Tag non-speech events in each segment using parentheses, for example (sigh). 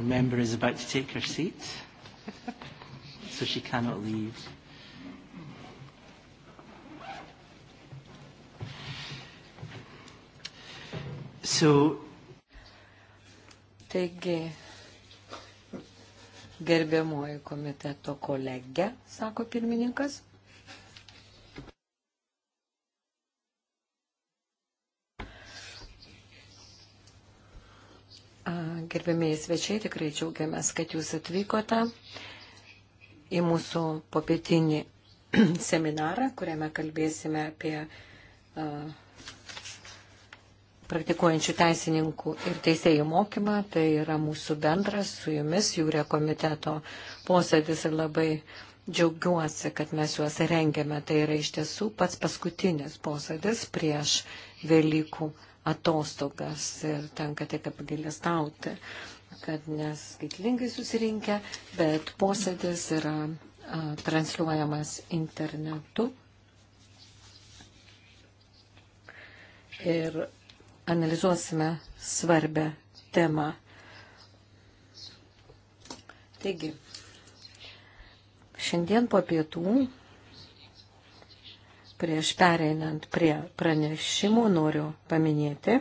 Our member is about to take her seat, so she cannot leave. So, Taigi, gerbiamoji komiteto kolegė, sako pirmininkas. Gerbėmiai svečiai, tikrai džiaugiamės, kad jūs atvykote į mūsų popietinį (clears throat) seminarą, kuriame kalbėsime apie uh, praktikuojančių teisininkų ir teisėjų mokymą. Tai yra mūsų bendras su jumis, jūrė komiteto posėdis ir labai džiaugiuosi, kad mes juos rengiame. Tai yra iš tiesų pats paskutinis posėdis prieš Velykų atostogas ir tenka tik apgailestauti, kad neskaitlingai susirinkę, bet posėdis yra a, transliuojamas internetu. Ir analizuosime svarbę temą. Taigi, šiandien po pietų Prieš pereinant prie pranešimų noriu paminėti,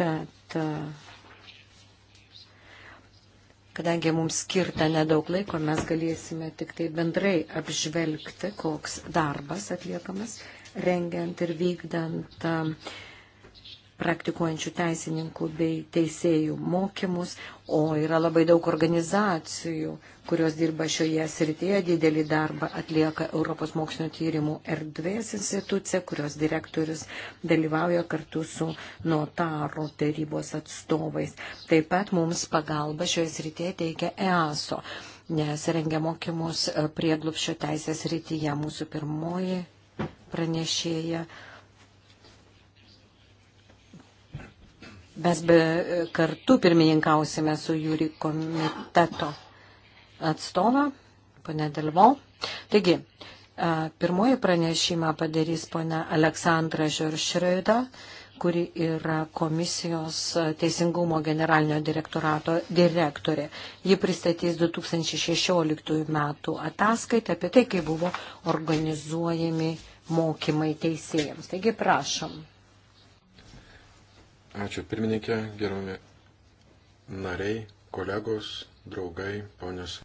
kad Kadangi mums skirta nedaug laiko, mes galėsime tik tai bendrai apžvelgti, koks darbas atliekamas, rengiant ir vykdant praktikuojančių teisininkų bei teisėjų mokymus, o yra labai daug organizacijų, kurios dirba šioje srityje, didelį darbą atlieka Europos mokslinio tyrimų erdvės institucija, kurios direktorius dalyvauja kartu su notaro tarybos atstovais. Taip pat mums pagalba šioje srityje teikia EASO, nes rengia mokymus prieglupščio teisės rytyje mūsų pirmoji pranešėja Mes be, kartu pirmininkausime su jūri komiteto atstovą, ponė Delvo. Taigi, pirmoji pranešimą padarys ponė Aleksandra Žioršrėda, kuri yra komisijos teisingumo generalinio direktorato direktorė. Ji pristatys 2016 metų ataskaitą apie tai, kaip buvo organizuojami mokymai teisėjams. Taigi, prašom. Ačiū pirmininkė, geromi nariai, kolegos, draugai, ponios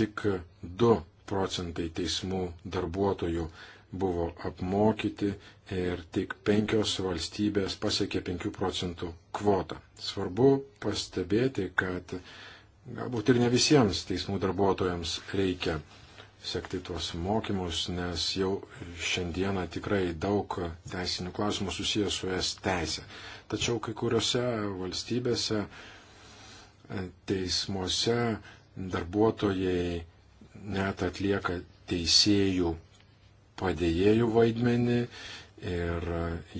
tik 2 procentai teismų darbuotojų buvo apmokyti ir tik penkios valstybės pasiekė 5 procentų kvotą. Svarbu pastebėti, kad galbūt ir ne visiems teismų darbuotojams reikia sekti tuos mokymus, nes jau šiandieną tikrai daug teisinių klausimų susijęs su es teisė. Tačiau kai kuriuose valstybėse teismuose darbuotojai net atlieka teisėjų padėjėjų vaidmenį ir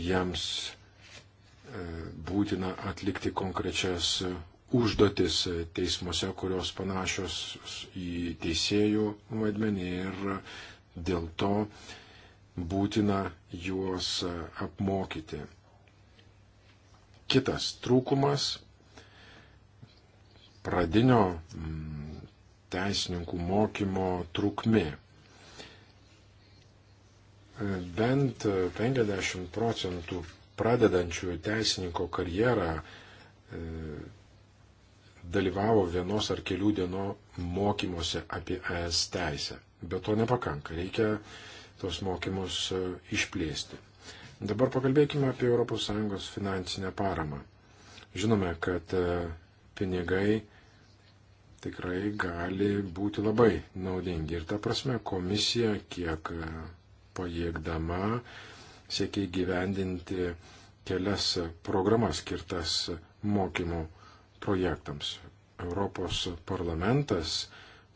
jiems e, būtina atlikti konkrečias užduotis teismuose, kurios panašios į teisėjų vaidmenį ir dėl to būtina juos apmokyti. Kitas trūkumas pradinio mm, teisininkų mokymo trukmė. E, bent 50 procentų pradedančių teisininko karjerą e, dalyvavo vienos ar kelių dienų mokymuose apie ES teisę. Bet to nepakanka, reikia tos mokymus e, išplėsti. Dabar pakalbėkime apie ES finansinę paramą. Žinome, kad pinigai tikrai gali būti labai naudingi. Ir ta prasme komisija, kiek e, pajėgdama, siekia įgyvendinti kelias programas skirtas mokymų projektams. Europos parlamentas,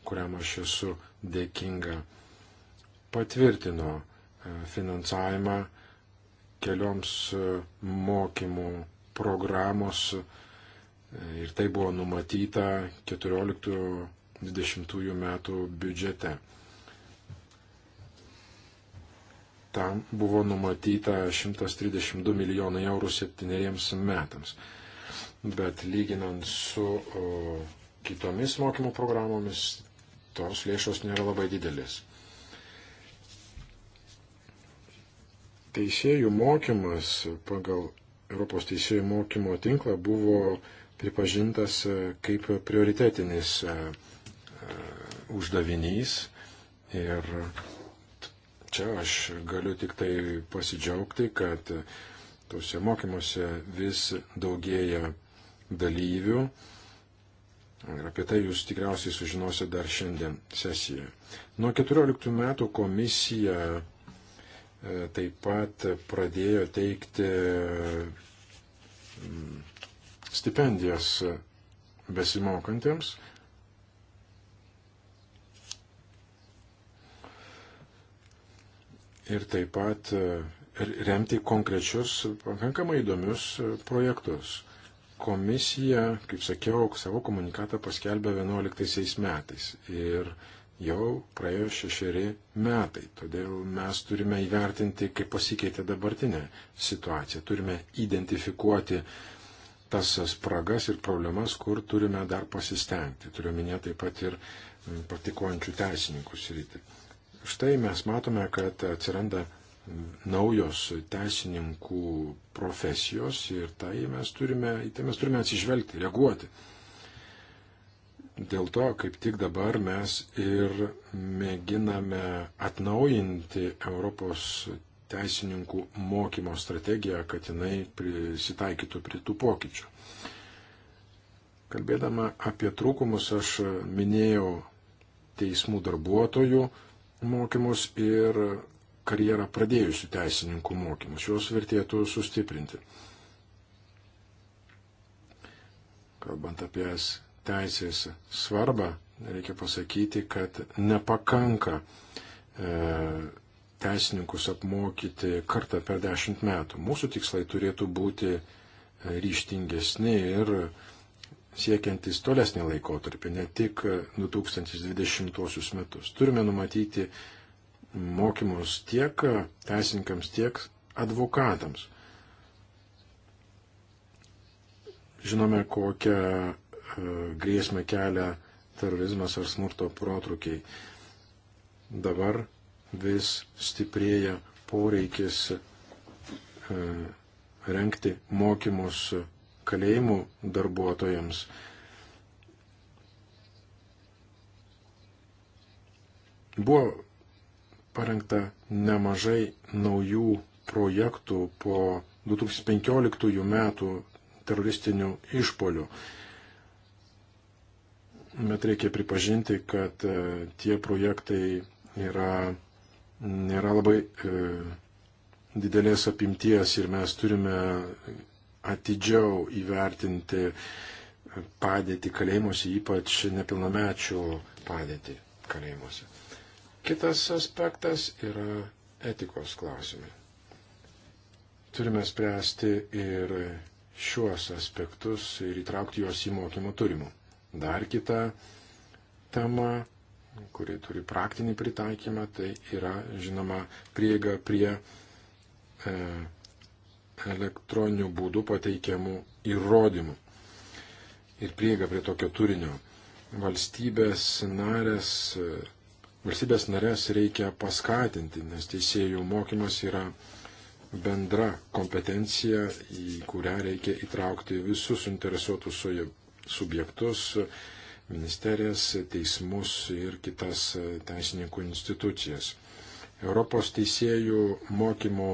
kuriam aš esu dėkinga, patvirtino e, finansavimą kelioms e, mokymų programos Ir tai buvo numatyta 14-20 metų biudžete. Tam buvo numatyta 132 milijonai eurų septyneriems metams. Bet lyginant su o, kitomis mokymo programomis, tos lėšos nėra labai didelis. Teisėjų mokymas pagal Europos teisėjų mokymo tinklą buvo pripažintas e, kaip prioritetinis e, e, uždavinys ir čia aš galiu tik tai pasidžiaugti, kad tuose mokymuose vis daugėja dalyvių ir apie tai jūs tikriausiai sužinosite dar šiandien sesijoje. Nuo 14 metų komisija taip pat pradėjo teikti stipendijas besimokantiems. Ir taip pat e, remti konkrečius, pakankamai įdomius e, projektus. Komisija, kaip sakiau, savo komunikatą paskelbė 11 metais ir jau praėjo šešeri metai. Todėl mes turime įvertinti, kaip pasikeitė dabartinė situacija. Turime identifikuoti uh, tas spragas ir problemas, kur turime dar pasistengti. Turiu minėti taip pat ir mm, praktikuojančių teisininkų sritį. Štai mes matome, kad atsiranda mm, naujos teisininkų profesijos ir tai mes turime, tai mes turime atsižvelgti, reaguoti. Dėl to, kaip tik dabar mes ir mėginame atnaujinti Europos teisininkų mokymo strategiją, kad jinai prisitaikytų prie tų pokyčių. Kalbėdama apie trūkumus, aš minėjau teismų darbuotojų mokymus ir karjerą pradėjusių teisininkų mokymus. Juos vertėtų sustiprinti. Kalbant apie teisės svarbą, reikia pasakyti, kad nepakanka e, teisininkus apmokyti kartą per dešimt metų. Mūsų tikslai turėtų būti e, ryštingesni ir siekiantis tolesnį laikotarpį, ne tik 2020 metus. Turime numatyti mokymus tiek teisininkams, tiek advokatams. Žinome, kokią e, grėsmę kelia terorizmas ar smurto protrukiai. Dabar vis stiprėja poreikis e, renkti mokymus kalėjimų darbuotojams. Buvo parengta nemažai naujų projektų po 2015 metų teroristinių išpolių. Bet reikia pripažinti, kad e, tie projektai yra nėra labai e, didelės apimties ir mes turime atidžiau įvertinti padėtį kalėjimuose, ypač nepilnamečių padėtį kalėjimuose. Kitas aspektas yra etikos klausimai. Turime spręsti ir šiuos aspektus ir įtraukti juos į mokymo turimų. Dar kita tema kuri turi praktinį pritaikymą, tai yra, žinoma, prieiga prie e, elektroninių būdų pateikiamų įrodymų ir prieiga prie tokio turinio. Valstybės narės, e, valstybės narės reikia paskatinti, nes teisėjų mokymas yra bendra kompetencija, į kurią reikia įtraukti visus interesuotus subjektus, ministerijas, teismus ir kitas teisininkų institucijas. Europos teisėjų mokymo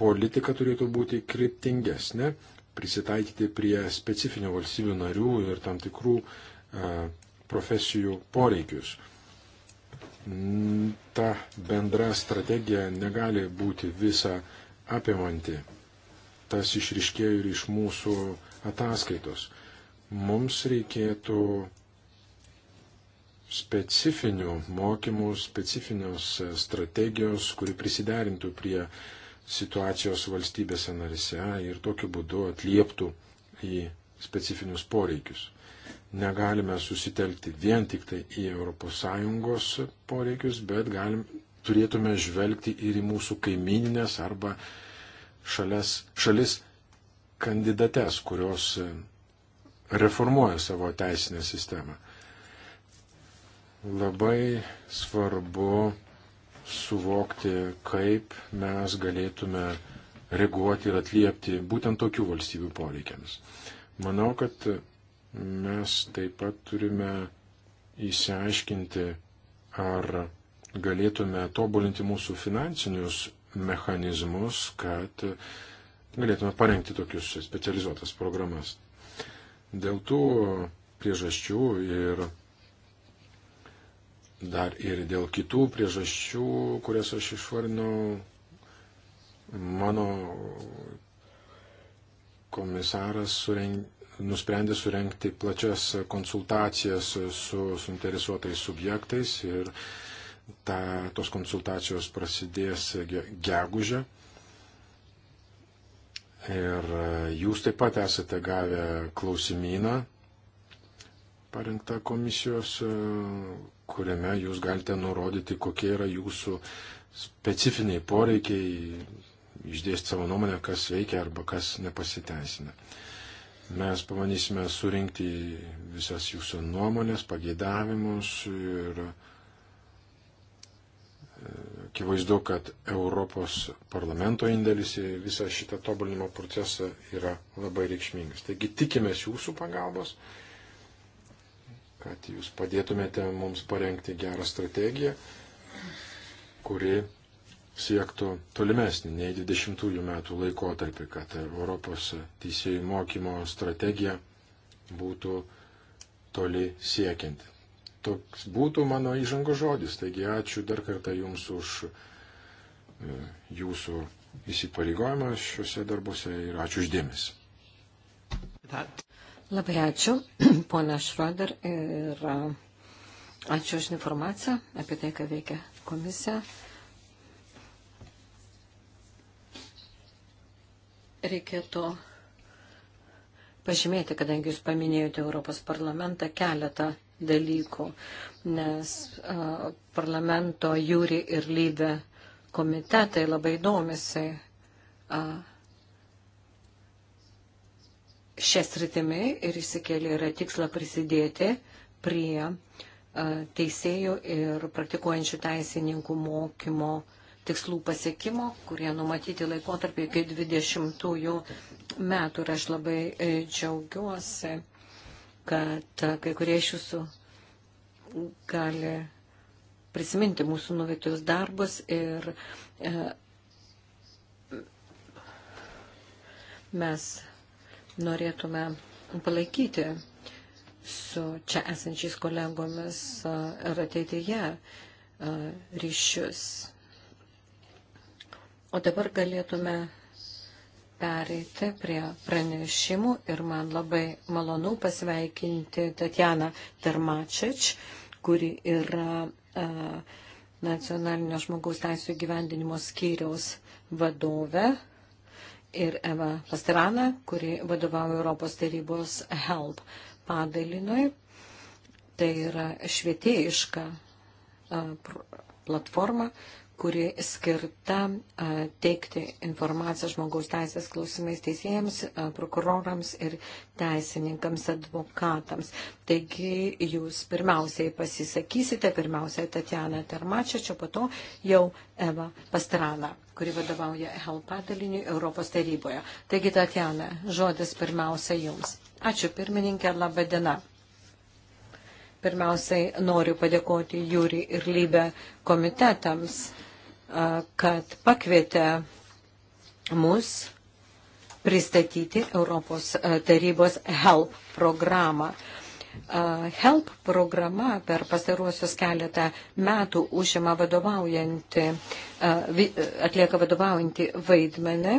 politika turėtų būti kryptingesnė, prisitaikyti prie specifinių valstybių narių ir tam tikrų e, profesijų poreikius. Ta bendra strategija negali būti visa apimanti. Tas išriškėjo ir iš mūsų ataskaitos. Mums reikėtų specifinių mokymų, specifinios strategijos, kuri prisiderintų prie situacijos valstybėse narise ir tokiu būdu atlieptų į specifinius poreikius. Negalime susitelkti vien tik tai į ES poreikius, bet galim, turėtume žvelgti ir į mūsų kaimininės arba šalias, šalis kandidates, kurios e, reformuoja savo teisinę sistemą. Labai svarbu suvokti, kaip mes galėtume reaguoti ir atliepti būtent tokių valstybių poreikiams. Manau, kad mes taip pat turime įsiaiškinti, ar galėtume tobulinti mūsų finansinius mechanizmus, kad galėtume parengti tokius specializuotas programas. Dėl tų priežasčių ir dar ir dėl kitų priežasčių, kurias aš išvarinau, mano komisaras sureng... nusprendė surenkti plačias konsultacijas su suinteresuotais subjektais ir ta, tos konsultacijos prasidės gegužę. Ir jūs taip pat esate gavę klausimyną parengta komisijos, e, kuriame jūs galite nurodyti, kokie yra jūsų specifiniai poreikiai, išdėsti savo nuomonę, kas veikia arba kas nepasiteisina. Mes pamanysime surinkti visas jūsų nuomonės, pageidavimus ir e, akivaizdu, kad Europos parlamento indėlis į visą šitą tobulinimo procesą yra labai reikšmingas. Taigi tikimės jūsų pagalbos kad jūs padėtumėte mums parengti gerą strategiją, kuri siektų tolimesnį nei 20 metų laikotarpį, kad Europos teisėjų mokymo strategija būtų toli siekianti. Toks būtų mano įžango žodis, taigi ačiū dar kartą Jums už e, Jūsų įsipareigojimą šiuose darbuose ir ačiū uždėmesi. Labai ačiū, (clears throat) ponia Šroder, ir ačiū už informaciją apie tai, ką veikia komisija. Reikėtų pažymėti, kadangi jūs paminėjote Europos parlamentą keletą dalykų, nes a, parlamento jūri ir lybė komitetai labai domisi a, šias rytimi ir įsikėlė yra tiksla prisidėti prie teisėjų ir praktikuojančių teisininkų mokymo tikslų pasiekimo, kurie numatyti laikotarpį iki 20 metų. Ir aš labai e, džiaugiuosi, kad kai kurie iš jūsų gali prisiminti mūsų nuveiktus darbus ir e, mes norėtume palaikyti su čia esančiais kolegomis ir ateityje ryšius. O dabar galėtume pereiti prie pranešimų ir man labai malonu pasveikinti Tatjaną Termačič, kuri yra a, nacionalinio žmogaus teisų gyvendinimo skyriaus vadove ir Eva Pastrana, kuri vadovauja Europos tarybos HELP padalinui. Tai yra švietėjiška platforma, kuri skirta teikti informaciją žmogaus teisės klausimais teisėjams, prokurorams ir teisininkams, advokatams. Taigi jūs pirmiausiai pasisakysite, pirmiausiai Tatjana Termačia, čia po to jau Eva Pastrana kuri vadovauja HEL padaliniui Europos taryboje. Taigi, Tatjana, žodis pirmiausia Jums. Ačiū pirmininkė, laba diena. Pirmiausiai noriu padėkoti Jūri ir Lybę komitetams, kad pakvietė mus pristatyti Europos tarybos HELP programą. HELP programa per pastaruosius keletą metų užima vadovaujantį atlieka vadovaujantį vaidmenį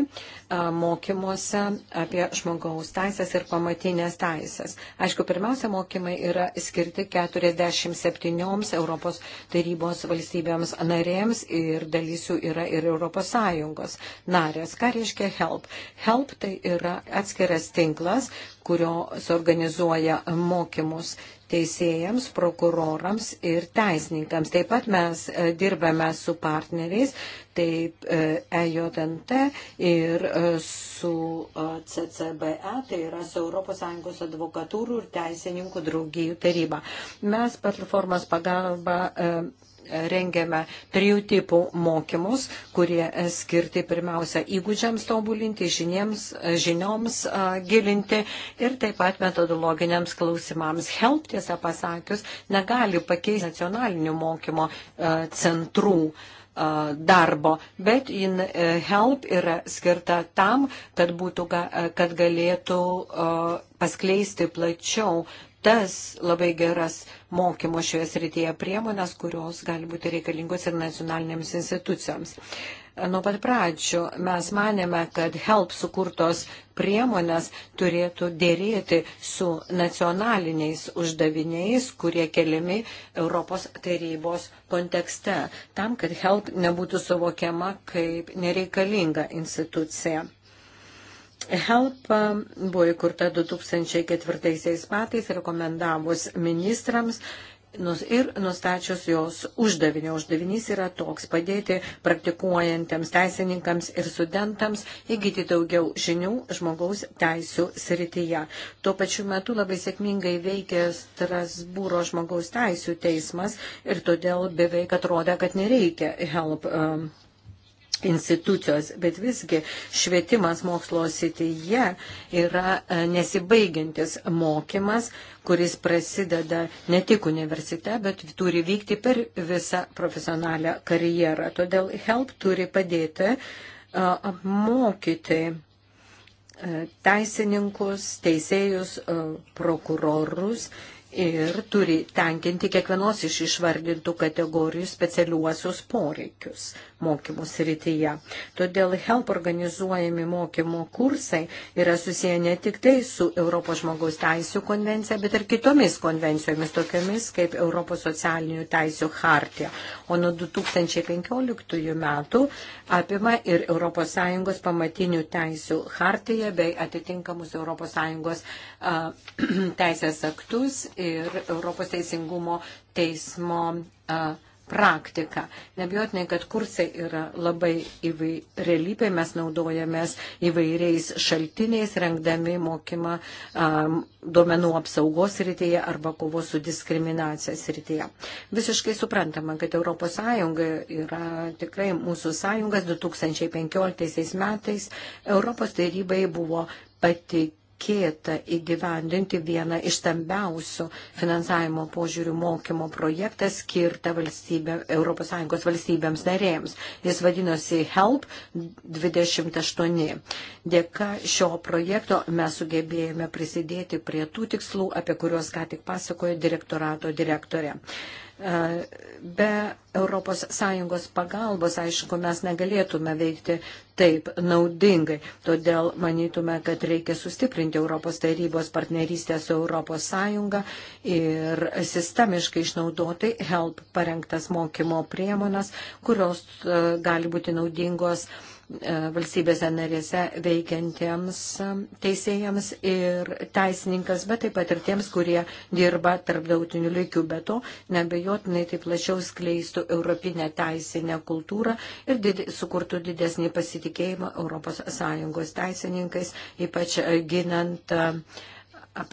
mokymuose apie žmogaus teisės ir pamatinės teisės. Aišku, pirmiausia, mokymai yra skirti 47 Europos tarybos valstybėms narėms ir dalysių yra ir Europos Sąjungos narės. Ką reiškia HELP? HELP tai yra atskiras tinklas, kurio suorganizuoja mokymus teisėjams, prokurorams ir teisininkams. Taip pat mes e, dirbame su partneriais, taip EJNT e ir e, su CCBE, tai yra su ES advokatūrų ir teisininkų draugijų taryba. Mes platformos pagalba rengiame trijų tipų mokymus, kurie skirti pirmiausia įgūdžiams tobulinti, žiniems, žinioms gilinti ir taip pat metodologiniams klausimams. Help, tiesą pasakius, negali pakeisti nacionalinių mokymo centrų darbo, bet in e, help yra skirta tam, kad, būtų, kad galėtų paskleisti plačiau kitas labai geras mokymo šioje srityje priemonės, kurios gali būti reikalingos ir nacionalinėms institucijoms. Nuo pat pradžių mes manėme, kad HELP sukurtos priemonės turėtų dėrėti su nacionaliniais uždaviniais, kurie keliami Europos tarybos kontekste, tam, kad HELP nebūtų suvokiama kaip nereikalinga institucija. HELP um, buvo įkurta 2004 metais rekomendavus ministrams ir nustačius jos uždavinio. Uždavinys yra toks padėti praktikuojantiems teisininkams ir studentams įgyti daugiau žinių žmogaus teisų srityje. Tuo pačiu metu labai sėkmingai veikė Strasbūro žmogaus teisų teismas ir todėl beveik atrodė, kad nereikia HELP. Um, institucijos, bet visgi švietimas mokslo sityje yra e, nesibaigiantis mokymas, kuris prasideda ne tik universite, bet turi vykti per visą profesionalią karjerą. Todėl HELP turi padėti apmokyti e, e, teisininkus, teisėjus, prokurorus ir turi tenkinti kiekvienos iš išvardintų kategorijų specialiuosius poreikius mokymų srityje. Todėl HELP organizuojami mokymo kursai yra susiję ne tik tai su Europos žmogaus teisų konvencija, bet ir kitomis konvencijomis, tokiamis kaip Europos socialinių teisų hartija. O nuo 2015 metų apima ir ES pamatinių teisų hartiją bei atitinkamus ES (clears throat) teisės aktus ir Europos teisingumo teismo. A, praktiką. Nebijotinai, kad kursai yra labai įvairialypiai, mes naudojamės įvairiais šaltiniais, rengdami mokymą um, duomenų apsaugos rytyje arba kovos su diskriminacija rytyje. Visiškai suprantama, kad ES yra tikrai mūsų sąjungas 2015 metais Europos tarybai buvo patikėta patikėta įgyvendinti vieną iš stambiausių finansavimo požiūrių mokymo projektą skirtą valstybė, ES valstybėms narėms. Jis vadinosi HELP 28. Dėka šio projekto mes sugebėjome prisidėti prie tų tikslų, apie kuriuos ką tik pasakojo direktorato direktorė. E, be ES pagalbos, aišku, mes negalėtume veikti taip naudingai. Todėl manytume, kad reikia sustiprinti Europos tarybos partnerystę su ES ir sistemiškai išnaudoti HELP parengtas mokymo priemonas, kurios e, gali būti naudingos uh, E, valstybėse narėse veikiantiems teisėjams ir teisininkas, bet taip pat ir tiems, kurie dirba tarptautiniu lygiu. Be to, nebejotinai taip plačiau skleistų europinę teisinę kultūrą ir did, sukurtų didesnį pasitikėjimą ES teisininkais, ypač ginant e,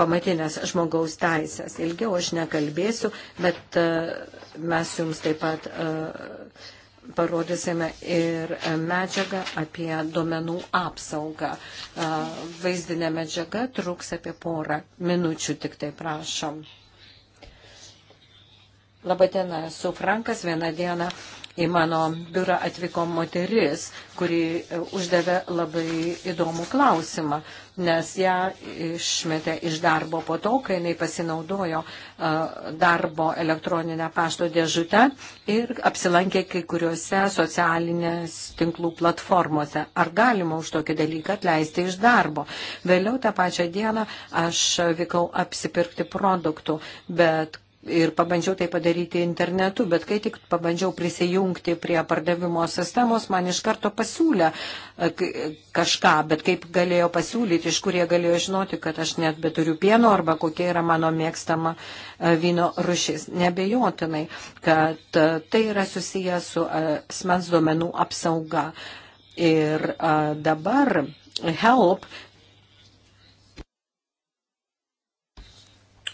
pamatinės žmogaus teisės. Ilgiau aš nekalbėsiu, bet e, mes jums taip pat. Uh, parodysime ir medžiagą apie duomenų apsaugą. Vaizdinė medžiaga truks apie porą minučių, tik tai prašom. Labadiena, esu Frankas. Vieną dieną į mano biurą atvyko moteris, kuri e, uždavė labai įdomų klausimą, nes ją išmetė iš darbo po to, kai jinai pasinaudojo e, darbo elektroninę pašto dėžutę ir apsilankė kai kuriuose socialinės tinklų platformose. Ar galima už tokį dalyką atleisti iš darbo? Vėliau tą pačią dieną aš vykau apsipirkti produktų, bet ir pabandžiau tai padaryti internetu, bet kai tik pabandžiau prisijungti prie pardavimo sistemos, man iš karto pasiūlė e, kažką, bet kaip galėjo pasiūlyti, iš kur jie galėjo žinoti, kad aš net beturiu pieno arba kokia yra mano mėgstama e, vyno rušis. Nebejotinai, kad e, tai yra susijęs su asmens duomenų apsauga. Ir a, dabar HELP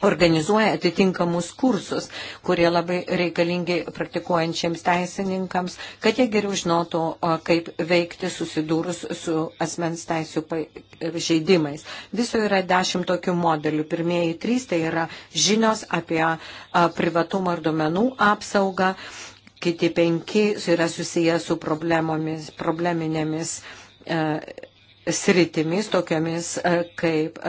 organizuoja atitinkamus kursus, kurie labai reikalingi praktikuojančiams teisininkams, kad jie geriau žinotų, kaip veikti susidūrus su asmens teisų žaidimais. Viso yra dešimt tokių modelių. Pirmieji trys tai yra žinios apie privatumą ir duomenų apsaugą, kiti penki yra susiję su probleminėmis. E, sritimis, tokiomis e, kaip e,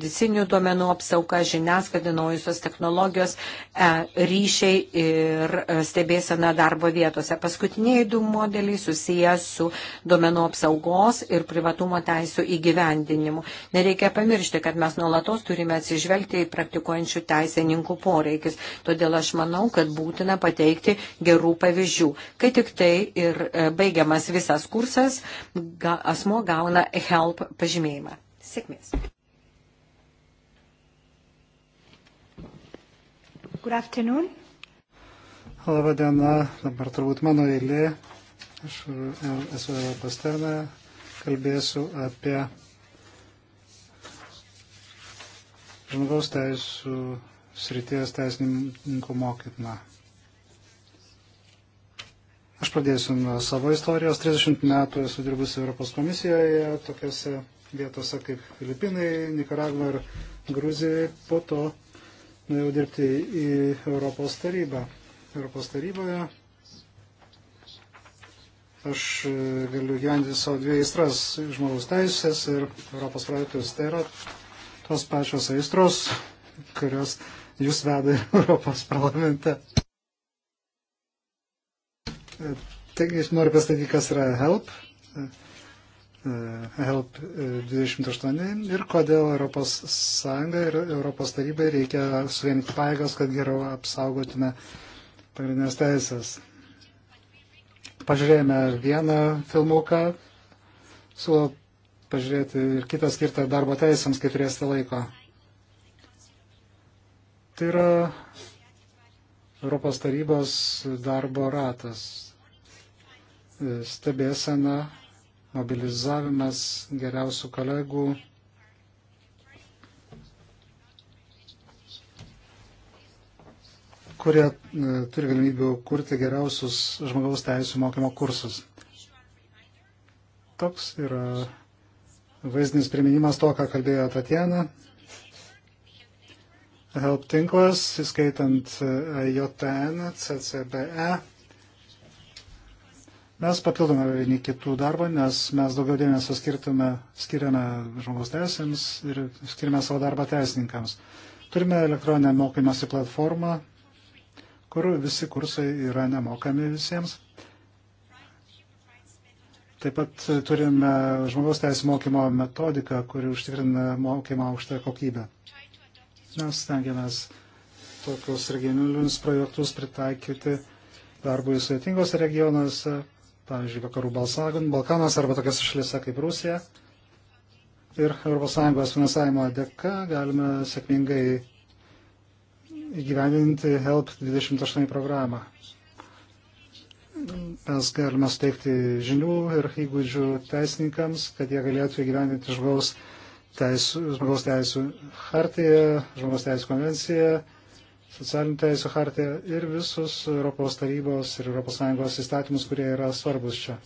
medicinių duomenų apsauga, žiniasklaida, naujusios technologijos, e, ryšiai ir e, stebėsena darbo vietose. Paskutiniai du modeliai susijęs su duomenų apsaugos ir privatumo teisų įgyvendinimu. Nereikia pamiršti, kad mes nuolatos turime atsižvelgti į praktikuojančių teisininkų poreikis. Todėl aš manau, kad būtina pateikti gerų pavyzdžių. Kai tik tai ir e, baigiamas visas kursas, asmo gauna HELP pažymėjimą. Sėkmės. Good afternoon. Labą dieną, dabar turbūt mano eilė. Aš esu Eva Pasterna, kalbėsiu apie žmogaus teisų srities teisininkų mokymą. Aš pradėsiu nuo savo istorijos. 30 metų esu dirbusi Europos komisijoje, tokiuose vietose kaip Filipinai, Nikaragva ir Gruzijai. Po to nuėjau dirbti į Europos tarybą. Europos taryboje aš galiu gyventi savo dvi aistras - žmogaus teisės ir Europos projektus. Tai yra tos pačios aistros, kurios jūs veda (laughs) Europos parlamente. Taigi, noriu pasakyti, kas yra HELP. E, Help 28 ir kodėl ES ir ES tarybai reikia suvienyti paėgas, kad geriau apsaugotume pagrindinės teisės. Pažiūrėjome vieną filmuką, siūlau pažiūrėti ir kitą skirtą darbo teisėms, kai turėsite laiko. Tai yra Europos tarybos darbo ratas. E, stebėsena mobilizavimas geriausių kolegų kurie e, turi galimybių kurti geriausius žmogaus teisų mokymo kursus. Toks yra vaizdinis priminimas to, ką kalbėjo Tatjana. Help tinklas, įskaitant e, JTN, CCBE, Mes papildome vieni kitų darbą, nes mes daugiau dėmesio skirtume, skiriame žmogaus teisėms ir skiriame savo darbą teisininkams. Turime elektroninę mokymosi platformą, kur visi kursai yra nemokami visiems. Taip pat turime žmogaus teisų mokymo metodiką, kuri užtikrina mokymą aukštą kokybę. Mes stengiamės tokius regioninius projektus pritaikyti darbui sudėtingose regionuose pavyzdžiui, vakarų Balkanas arba tokias šalyse kaip Rusija. Ir ES finansavimo dėka galime sėkmingai įgyvendinti HELP 28 programą. Mes galime suteikti žinių ir įgūdžių teisininkams, kad jie galėtų įgyvendinti žmogaus teisų, žmogaus teisų hartiją, žmogaus teisų konvenciją socialinių teisų hartiją ir visus Europos tarybos ir ES įstatymus, kurie yra svarbus čia.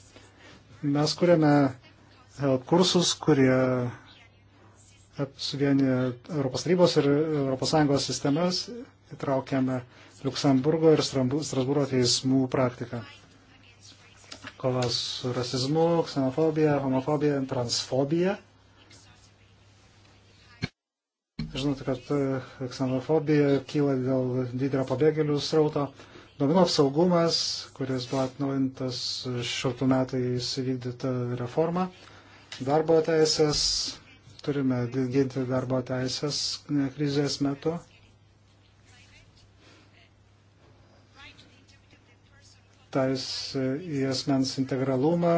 Mes kuriame e, kursus, kurie e, suvienyje Europos tarybos ir ES sistemas, įtraukiame Luksemburgo ir Strasbūro teismų praktiką. Kovas su rasizmu, ksenofobija, homofobija, transfobija Žinote, kad e, ksenofobija kyla dėl didelio pabėgėlių srauto. Domino saugumas, kuris buvo atnaujintas šiltų metų įvykdyta reforma. Darbo teisės, turime ginti darbo teisės krizės metu. Tais į asmens integralumą,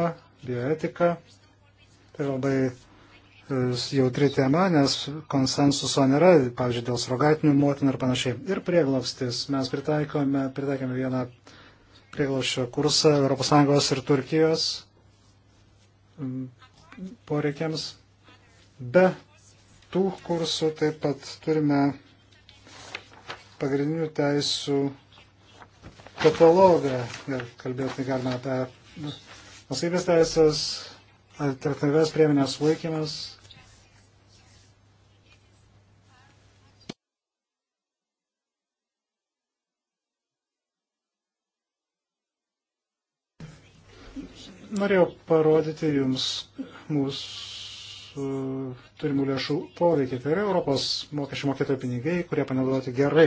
bioetiką. Tai labai jautri tema, nes konsensuso nėra, pavyzdžiui, dėl srogatinių motinų ir panašiai. Ir prieglobstis. Mes pritaikome, pritaikėme vieną prieglobščio kursą ES ir Turkijos poreikiams. Be tų kursų taip pat turime pagrindinių teisų katalogą ir kalbėti galime apie nusavybės teisės, alternatyvės priemonės laikymas, Norėjau parodyti Jums mūsų turimų lėšų poveikį. Tai yra Europos mokesčių mokėtojų pinigai, kurie panaudoti gerai.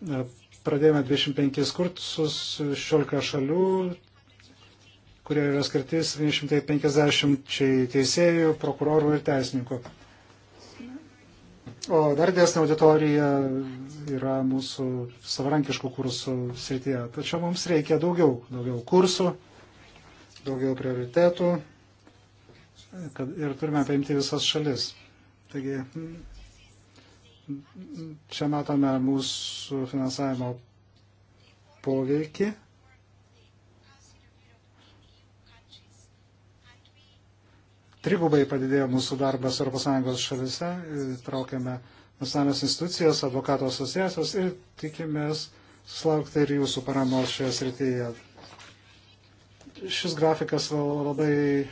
E, pradėjome 25 kursus 16 šalių, kurie yra skirti 750 teisėjų, prokurorų ir teisininkų. O dar dėsnė auditorija yra mūsų savarankiškų kursų srityje. Tačiau mums reikia daugiau, daugiau kursų, daugiau prioritetų kad, ir turime paimti visas šalis. Taigi čia matome mūsų finansavimo poveikį. Trigubai padidėjo mūsų darbas ES šalise, traukiame nacionalinės institucijas, advokato asociacijos ir tikimės susilaukti ir jūsų paramos šioje srityje. Šis grafikas labai e,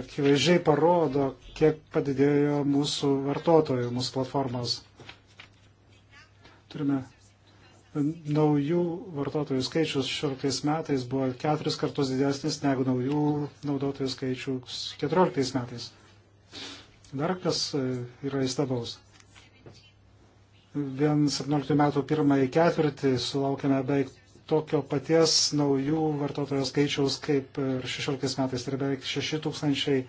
akivaizdžiai parodo, kiek padidėjo mūsų vartotojų, mūsų platformos. Turime naujų vartotojų skaičius 16 metais buvo keturis kartus didesnis negu naujų naudotojų skaičius 14 metais. Dar kas e, yra įstabaus. Vien 17 metų pirmąjį ketvirtį sulaukėme beveik tokio paties naujų vartotojų skaičiaus kaip ir 16 metais. Tai yra beveik 6 tūkstančiai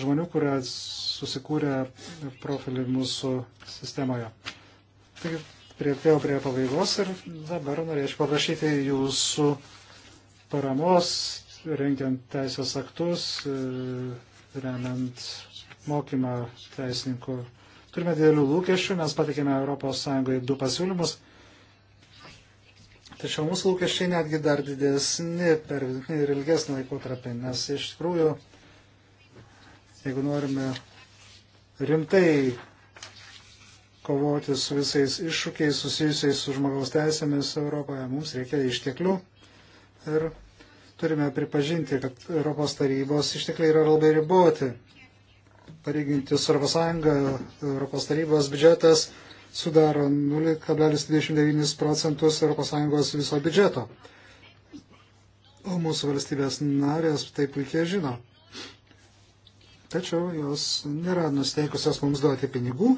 žmonių, kurie susikūrė profilį mūsų sistemoje. Taigi, prieartėjau prie pabaigos ir dabar norėčiau paprašyti jūsų paramos, rengiant teisės aktus, e, remiant mokymą teisininkų. Turime didelių lūkesčių, mes patikėme ES du pasiūlymus Tačiau mūsų lūkesčiai netgi dar didesni per vidutinį ir ilgesnį laikotarpį, nes iš tikrųjų, jeigu norime rimtai kovoti su visais iššūkiais susijusiais su žmogaus teisėmis Europoje, mums reikia išteklių ir turime pripažinti, kad Europos tarybos ištekliai yra labai riboti. Pareiginti su Europos Sąjunga, Europos tarybos biudžetas sudaro 0,29 procentus ES viso biudžeto. O mūsų valstybės narės tai puikiai žino. Tačiau jos nėra nusteikusios mums duoti pinigų,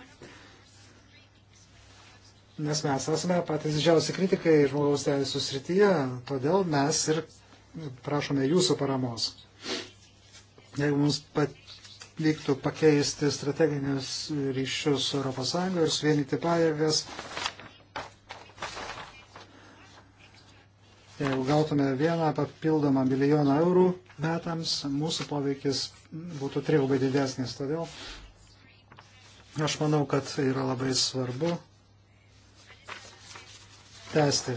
nes mes esame patys didžiausi kritikai žmogaus teisų srityje, todėl mes ir prašome jūsų paramos. Jeigu mums pat vyktų pakeisti strateginius ryšius su ES ir suvienyti pajėgas. Jeigu gautume vieną papildomą milijoną eurų metams, mūsų poveikis būtų trigubai didesnis. Todėl aš manau, kad tai yra labai svarbu tęsti.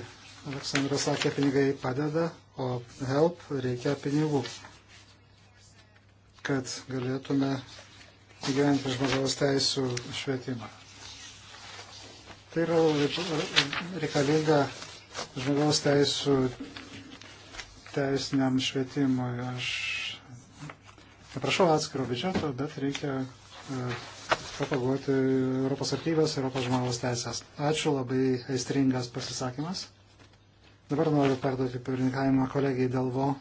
Aleksandras sakė, pinigai padeda, o help reikia pinigų kad galėtume įgyventi žmogaus teisų švietimą. Tai yra reikalinga žmogaus teisų teisiniam švietimui. Aš neprašau atskiro biudžeto, bet reikia e, propaguoti Europos archyvės, Europos žmogaus teisės. Ačiū labai aistringas pasisakymas. Dabar noriu perduoti pirmininkavimą kolegijai Delvo.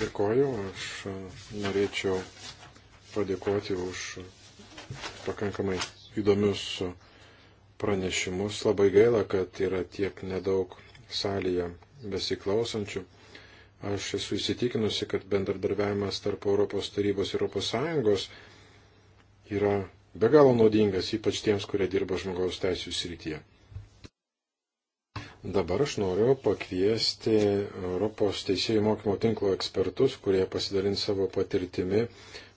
Dėkoju, aš e, norėčiau padėkoti už pakankamai įdomius pranešimus. Labai gaila, kad yra tiek nedaug salėje besiklausančių. Aš esu įsitikinusi, kad bendradarbiavimas tarp Europos tarybos ir Europos Sąjungos yra be galo naudingas, ypač tiems, kurie dirba žmogaus teisų srityje. Dabar aš noriu pakviesti Europos teisėjų mokymo tinklo ekspertus, kurie pasidalins savo patirtimi,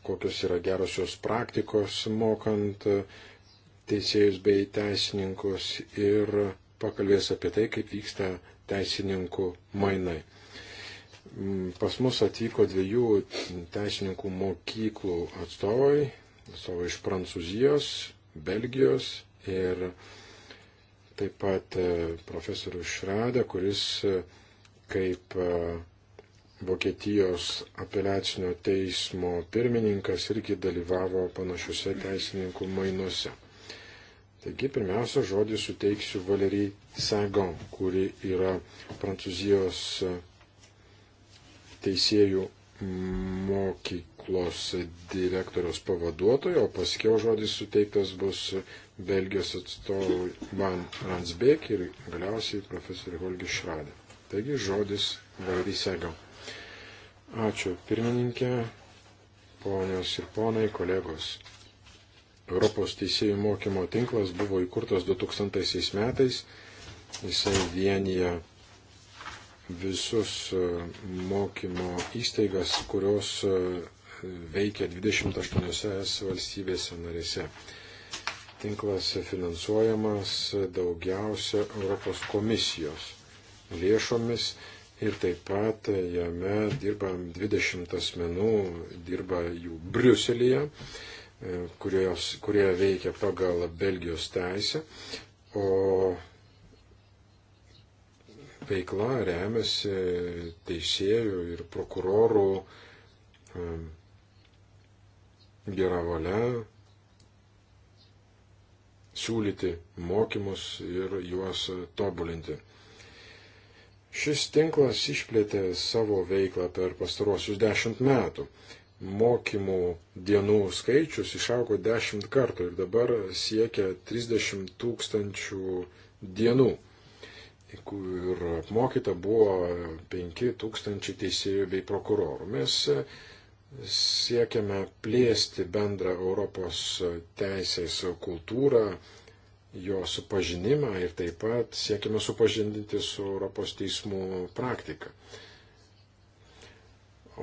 kokios yra gerosios praktikos mokant teisėjus bei teisininkus ir pakalbės apie tai, kaip vyksta teisininkų mainai. Mm, pas mus atvyko dviejų teisininkų mokyklų atstovai, atstovai iš Prancūzijos, Belgijos ir taip pat e, profesorių Šradą, kuris e, kaip e, Vokietijos apeliacinio teismo pirmininkas irgi dalyvavo panašiuose teisininkų mainuose. Taigi pirmiausia žodį suteiksiu Valerijai Sagon, kuri yra Prancūzijos teisėjų mokyklos direktoriaus pavaduotojo, o paskiau žodis suteiktas bus Belgijos atstovui Van Ransbek ir galiausiai profesoriui Holgi Šradė. Taigi žodis Valdys Ego. Ačiū pirmininkė, ponios ir ponai, kolegos. Europos teisėjų mokymo tinklas buvo įkurtas 2000 metais. Jisai vienyje visus e, mokymo įstaigas, kurios e, veikia 28 valstybėse narėse tinklas finansuojamas daugiausia Europos komisijos lėšomis ir taip pat jame dirba 20 asmenų, dirba jų Briuselėje, e, kurios, kurie veikia pagal Belgijos teisę, o veikla remiasi teisėjų ir prokurorų e, gera valia, siūlyti mokymus ir juos tobulinti. Šis tinklas išplėtė savo veiklą per pastarosius dešimt metų. Mokymų dienų skaičius išaugo dešimt kartų ir dabar siekia 30 tūkstančių dienų. Ir apmokyta buvo 5 tūkstančiai teisėjų bei prokurorų. Mes siekiame plėsti bendrą Europos teisės kultūrą, jo supažinimą ir taip pat siekiame supažindinti su Europos teismų praktika.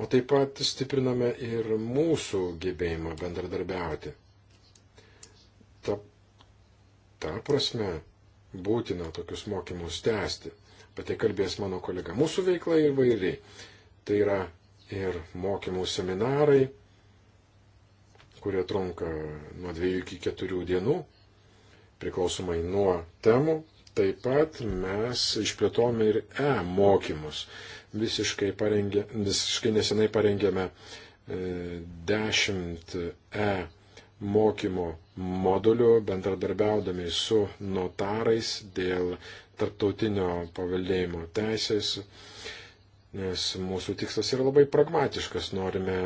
O taip pat stipriname ir mūsų gebėjimą bendradarbiauti. Ta, ta prasme, būtina tokius mokymus tęsti. Patie tai kalbės mano kolega. Mūsų veikla įvairi. Tai yra ir mokymų seminarai, kurie trunka nuo dviejų iki keturių dienų, priklausomai nuo temų. Taip pat mes išplėtome ir e-mokymus. Visiškai, parengė, visiškai nesenai parengėme e, dešimt e mokymo modulių bendradarbiaudami su notarais dėl tarptautinio paveldėjimo teisės, nes mūsų tikslas yra labai pragmatiškas, norime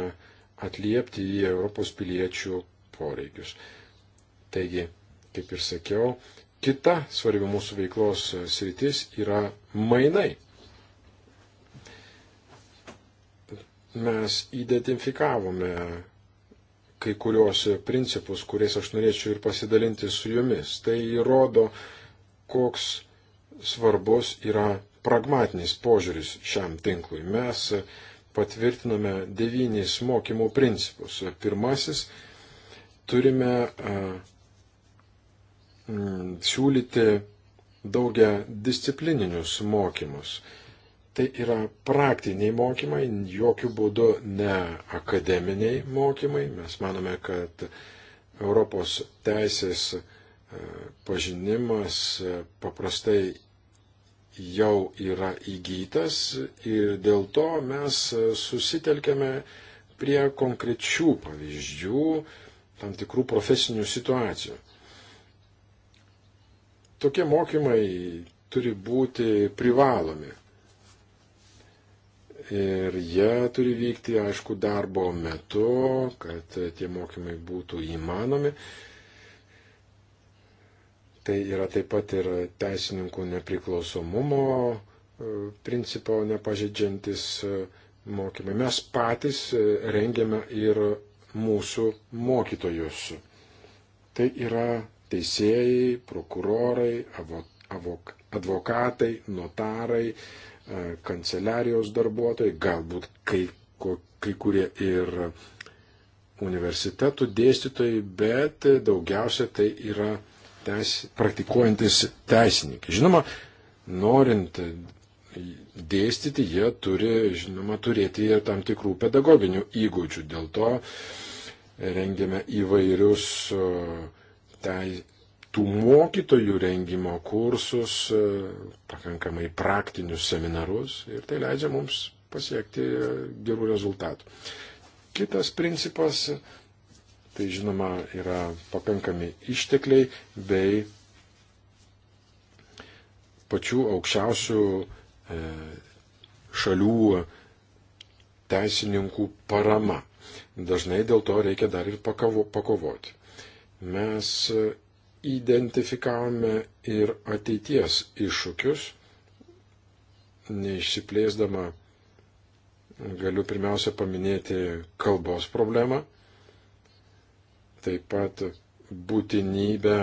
atliepti į Europos piliečių poreikius. Taigi, kaip ir sakiau, kita svarbi mūsų veiklos sritis yra mainai. Mes identifikavome kai kurios principus, kuriais aš norėčiau ir pasidalinti su jumis. Tai įrodo, koks svarbus yra pragmatinis požiūris šiam tinklui. Mes patvirtiname devynis mokymų principus. Pirmasis - turime siūlyti daugia disciplininius mokymus. Tai yra praktiniai mokymai, jokių būdų ne akademiniai mokymai. Mes manome, kad Europos teisės pažinimas paprastai jau yra įgytas ir dėl to mes susitelkėme prie konkrečių pavyzdžių tam tikrų profesinių situacijų. Tokie mokymai turi būti privalomi. Ir jie turi vykti, aišku, darbo metu, kad tie mokymai būtų įmanomi. Tai yra taip pat ir teisininkų nepriklausomumo e, principo nepažydžiantis e, mokymai. Mes patys e, rengiame ir mūsų mokytojus. Tai yra teisėjai, prokurorai, advokatai, notarai, kanceliarijos darbuotojai, galbūt kai, kai kurie ir universitetų dėstytojai, bet daugiausia tai yra teis, praktikuojantis teisininkai. Žinoma, norint dėstyti, jie turi, žinoma, turėti ir tam tikrų pedagoginių įgūdžių. Dėl to rengiame įvairius tai, tų mokytojų rengimo kursus, pakankamai praktinius seminarus ir tai leidžia mums pasiekti gerų rezultatų. Kitas principas tai žinoma yra pakankami ištekliai bei pačių aukščiausių e, šalių teisininkų parama. Dažnai dėl to reikia dar ir pakavo, pakovoti. Mes e, identifikavome ir ateities iššūkius, neišsiplėsdama galiu pirmiausia paminėti kalbos problemą taip pat būtinybę,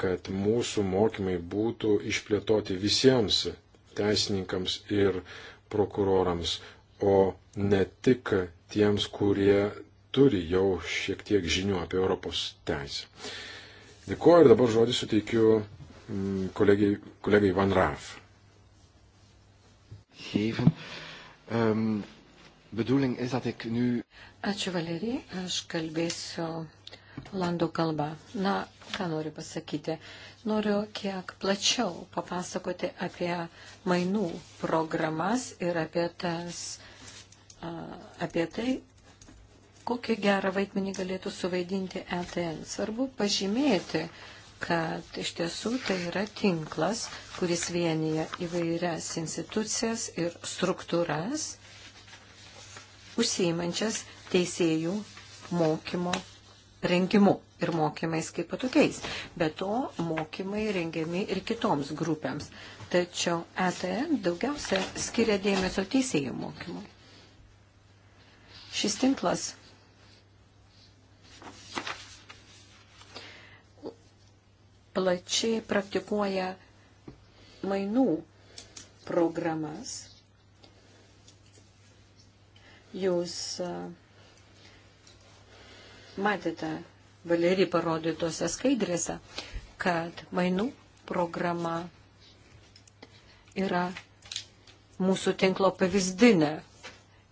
kad mūsų mokymai būtų išplėtoti visiems teisininkams ir prokurorams, o ne tik tiems, kurie turi jau šiek tiek žinių apie Europos teisę. Dėkuoju ir dabar žodį suteikiu mm, kolegai, kolegai Van Raaf. Geven. Um, bedoeling is dat ik nu. Ačiū Valerija, aš kalbėsiu Olandų kalba. Na, ką noriu pasakyti? Noriu kiek plačiau papasakoti apie mainų programas ir apie, tas, apie tai, kokį gerą vaidmenį galėtų suvaidinti ETN. Svarbu pažymėti, kad iš tiesų tai yra tinklas, kuris vienyje įvairias institucijas ir struktūras, užsiimančias teisėjų mokymo rengimu ir mokymais kaip patokiais. Be to, mokymai rengiami ir kitoms grupėms. Tačiau ETN daugiausia skiria dėmesio teisėjų mokymui. Šis tinklas plačiai praktikuoja mainų programas. Jūs uh, matėte, Valerį parodytose skaidrėse, kad mainų programa yra mūsų tinklo pavyzdinė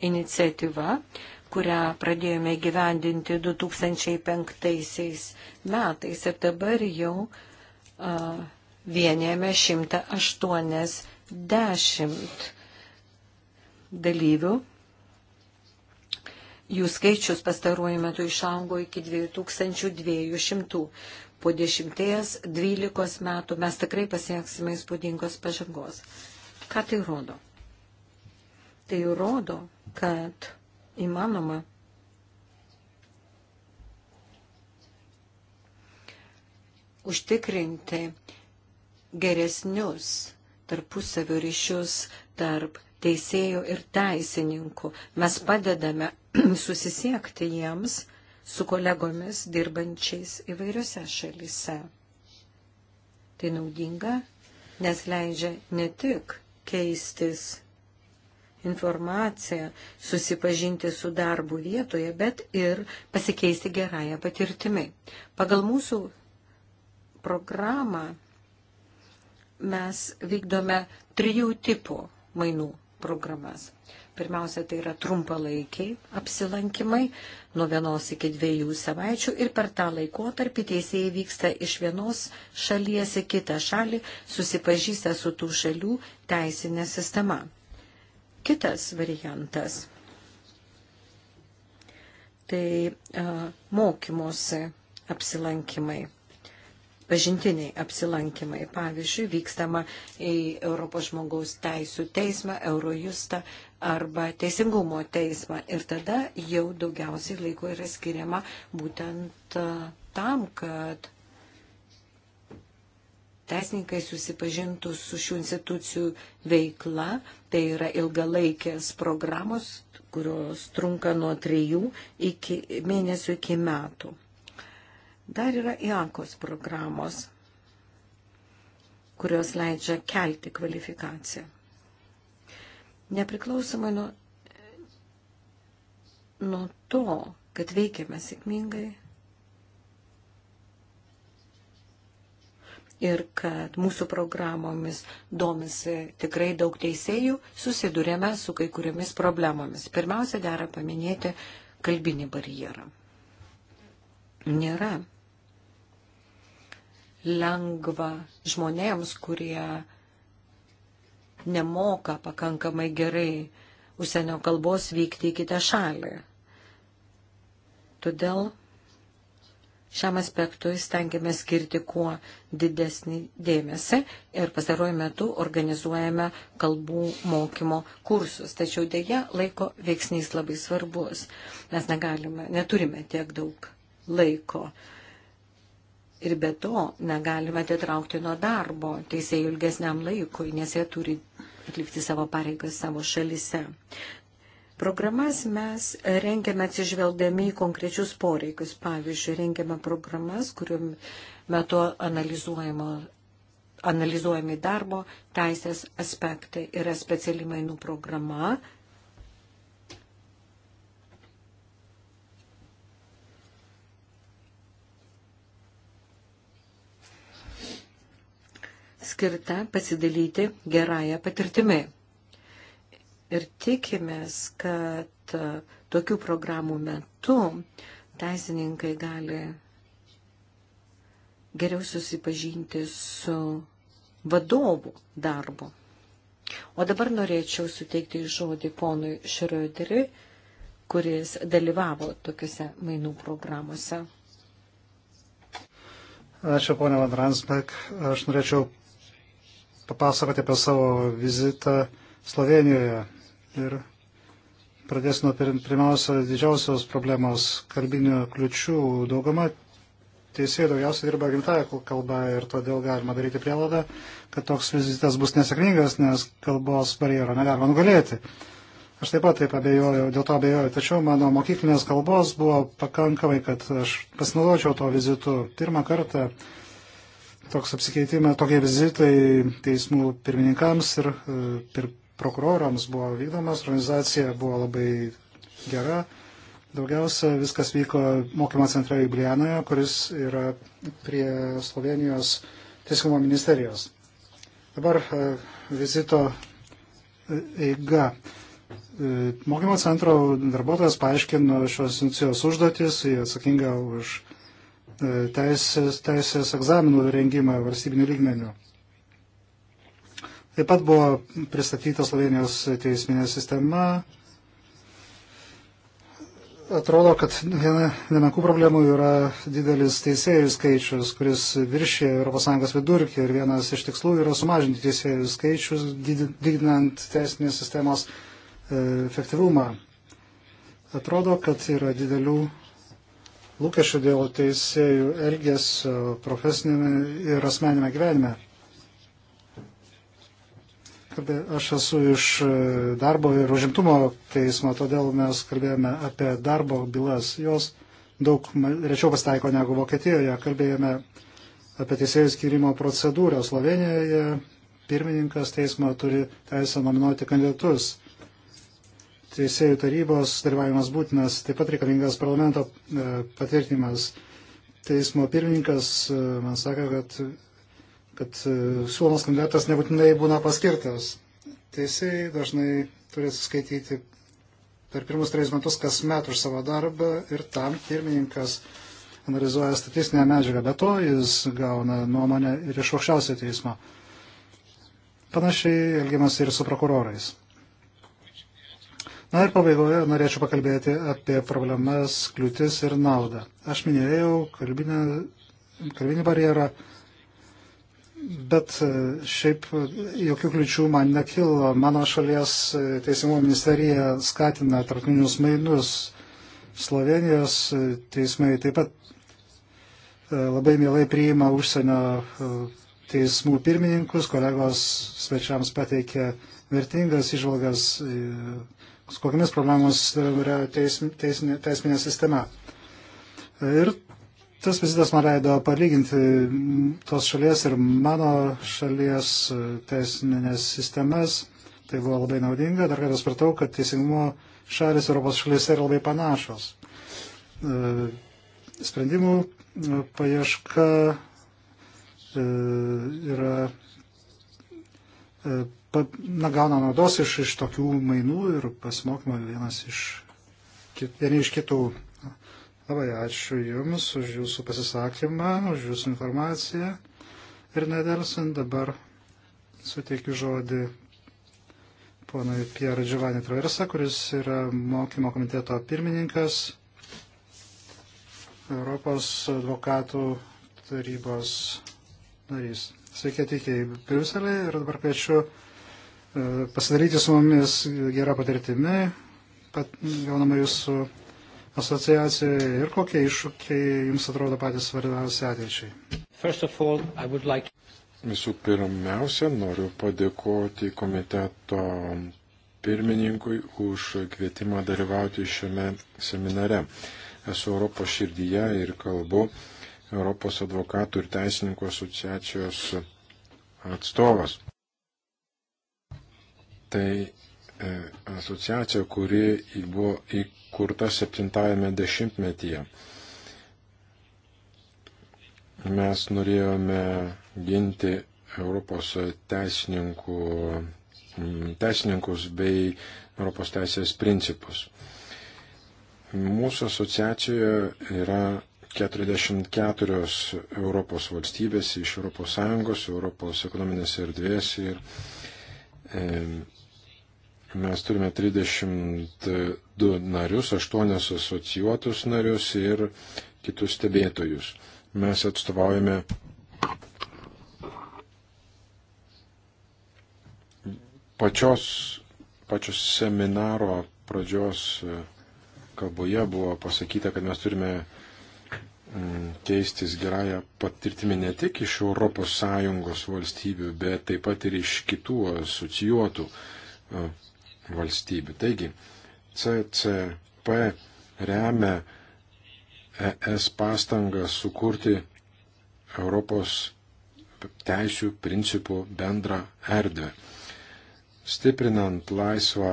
iniciatyva, kurią pradėjome gyvendinti 2005 metais ir dabar jau uh, vienėme 180 dalyvių Jų skaičius pastaruoju metu išaugo iki 2200. Po 10-12 metų mes tikrai pasieksime įspūdingos pažangos. Ką tai rodo? Tai rodo, kad įmanoma užtikrinti geresnius tarpusavio ryšius tarp teisėjų ir teisininkų. Mes padedame (clears throat) susisiekti jiems su kolegomis dirbančiais įvairiose šalyse. Tai naudinga, nes leidžia ne tik keistis informaciją, susipažinti su darbu vietoje, bet ir pasikeisti gerąją patirtimį. Pagal mūsų programą mes vykdome trijų tipų mainų programas. Pirmiausia, tai yra trumpalaikiai apsilankimai nuo vienos iki dviejų savaičių ir per tą laikotarpį teisėjai vyksta iš vienos šalies į kitą šalį, susipažįsta su tų šalių teisinė sistema. Kitas variantas - tai a, mokymosi apsilankimai pažintiniai apsilankimai. Pavyzdžiui, vykstama į Europos žmogaus teisų teismą, Eurojustą arba Teisingumo teismą. Ir tada jau daugiausiai laiko yra skiriama būtent tam, kad teisininkai susipažintų su šių institucijų veikla. Tai yra ilgalaikės programos, kurios trunka nuo trijų iki, mėnesių iki metų. Dar yra įankos programos, kurios leidžia kelti kvalifikaciją. Nepriklausomai nuo, nuo to, kad veikiame sėkmingai ir kad mūsų programomis domisi tikrai daug teisėjų, susidurėme su kai kuriomis problemomis. Pirmiausia, dera paminėti kalbinį barjerą. Nėra lengva žmonėms, kurie nemoka pakankamai gerai užsienio kalbos vykti į kitą šalį. Todėl šiam aspektui stengiame skirti kuo didesnį dėmesį ir pastaruoju metu organizuojame kalbų mokymo kursus. Tačiau dėja laiko veiksnys labai svarbus. Mes negalime, neturime tiek daug laiko. Uh, ir be to negalima atitraukti nuo darbo teisėjų ilgesniam laikui, nes jie turi atlikti savo pareigas savo šalise. Programas mes rengiame atsižvelgdami į konkrečius poreikius. Pavyzdžiui, rengiame programas, kuriuo metu analizuojami darbo teisės aspektai. Yra speciali mainų programa, skirta pasidalyti gerąją patirtimį. Ir tikimės, kad e, tokių programų metu teisininkai gali geriau susipažinti su vadovų darbu. O dabar norėčiau suteikti žodį ponui Šrioderiui, kuris dalyvavo tokiuose mainų programuose. Ačiū, ponia Vandransbek. Aš norėčiau papasakoti apie savo vizitą Slovenijoje. Ir pradėsiu nuo pirmiausia didžiausios problemos kalbinių kliučių. Dauguma teisėjų daugiausiai dirba gimtąją kalbą ir todėl galima daryti prielaidą, kad toks vizitas bus nesėkmingas, nes kalbos barjero negalima nugalėti. Aš taip pat taip abejojau, dėl to abejojau, tačiau mano mokyklinės kalbos buvo pakankamai, kad aš pasinaudočiau to vizitu. Pirmą kartą toks apsikeitimas, tokie vizitai teismų pirmininkams ir e, pir, prokurorams buvo vykdomas, organizacija buvo labai gera. Daugiausia viskas vyko mokymo centre Ljubljanoje, kuris yra prie Slovenijos teisingumo ministerijos. Dabar e, vizito eiga. E, mokymo centro darbuotojas paaiškino šios institucijos užduotis, jie atsakinga už E, teisės, teisės egzaminų rengimą valstybinių lygmenių. Taip pat buvo pristatyta Slovenijos teisminė sistema. Atrodo, kad viena nemenkų problemų yra didelis teisėjų skaičius, kuris viršė ES vidurkį ir vienas iš tikslų yra sumažinti teisėjų skaičius, didinant teisinės sistemos e, efektyvumą. Atrodo, kad yra didelių lūkesčių dėl teisėjų elgesio profesinėme ir asmenėme gyvenime. Aš esu iš e, darbo ir užimtumo teismo, todėl mes kalbėjome apie darbo bylas. Jos daug rečiau pasitaiko negu Vokietijoje. Kalbėjome apie teisėjų skirimo procedūrą. Slovenijoje pirmininkas teismo turi teisę nominuoti kandidatus teisėjų tarybos dalyvavimas būtinas, taip pat reikalingas parlamento e, patvirtinimas. Teismo pirmininkas e, man sakė, kad, kad e, siūlomas kandidatas nebūtinai būna paskirtas. Teisėjai dažnai turi atsiskaityti per pirmus trejus metus kasmet už savo darbą ir tam pirmininkas analizuoja statistinę medžiagą, bet to jis gauna nuomonę ir iš aukščiausio teismo. Panašiai elgiamas ir su prokurorais. Na ir pabaigoje norėčiau pakalbėti apie problemas, kliūtis ir naudą. Aš minėjau kalbinę, kalbinį barjerą, bet e, šiaip jokių kliučių man nekilo. Mano šalies e, teisimo ministerija skatina tarptautinius mainus. Slovenijos e, teismai taip pat labai mielai priima užsienio teismų pirmininkus, kolegos svečiams pateikia vertingas išvalgas su kokiamis problemus teisminė, teisminė sistema. Ir tas vizitas man leido palyginti tos šalies ir mano šalies teisminės sistemas. Tai buvo labai naudinga. Dar kartą supratau, kad teisingumo šalis Europos šalyse yra labai panašios. E, sprendimų e, paieška e, yra na, gauna naudos iš, iš tokių mainų ir pasimokymą vienas iš, kit, vieni iš kitų. Labai ačiū Jums už Jūsų pasisakymą, už Jūsų informaciją. Ir nedelsant dabar suteikiu žodį ponui Pierre Giovanni Traversa, kuris yra mokymo komiteto pirmininkas Europos advokatų tarybos narys. Sveiki atvykę į Briuselį ir dabar kviečiu pasidalyti su mumis gerą patirtimį, pat, gaunama jūsų asociacijoje ir kokie iššūkiai jums atrodo patys svarbiausi ateičiai. All, like... Visų pirmiausia, noriu padėkoti komiteto pirmininkui už kvietimą dalyvauti šiame seminare. Esu Europos širdyje ir kalbu Europos advokatų ir teisininkų asociacijos atstovas tai e, asociacija, kuri buvo įkurta 70-ame dešimtmetyje. Mes norėjome ginti Europos teisininkų, teisininkus bei Europos teisės principus. Mūsų asociacijoje yra 44 Europos valstybės iš ES, Europos, Europos ekonominės erdvės ir e, Mes turime 32 narius, 8 asocijuotus narius ir kitus stebėtojus. Mes atstovaujame pačios, pačios seminaro pradžios kalboje buvo pasakyta, kad mes turime mm, keistis gerąją patirtimį ne tik iš ES valstybių, bet taip pat ir iš kitų asocijuotų valstybių. Taigi, CCP remia ES pastangą sukurti Europos teisių principų bendrą erdvę, stiprinant laisvą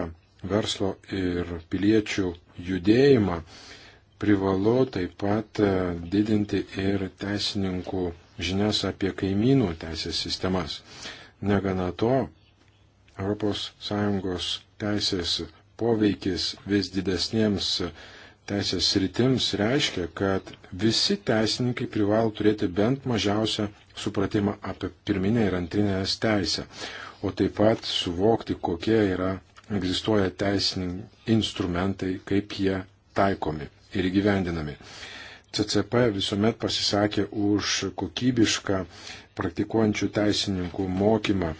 verslo ir piliečių judėjimą, privalu taip pat e, didinti ir teisininkų žinias apie kaimynų teisės sistemas. Negana to, ES teisės poveikis vis didesniems teisės sritims reiškia, kad visi teisininkai privalo turėti bent mažiausią supratimą apie pirminę ir antrinės teisę, o taip pat suvokti, kokie yra egzistuoja teisiniai instrumentai, kaip jie taikomi ir įgyvendinami. CCP visuomet pasisakė už kokybišką praktikuojančių teisininkų mokymą,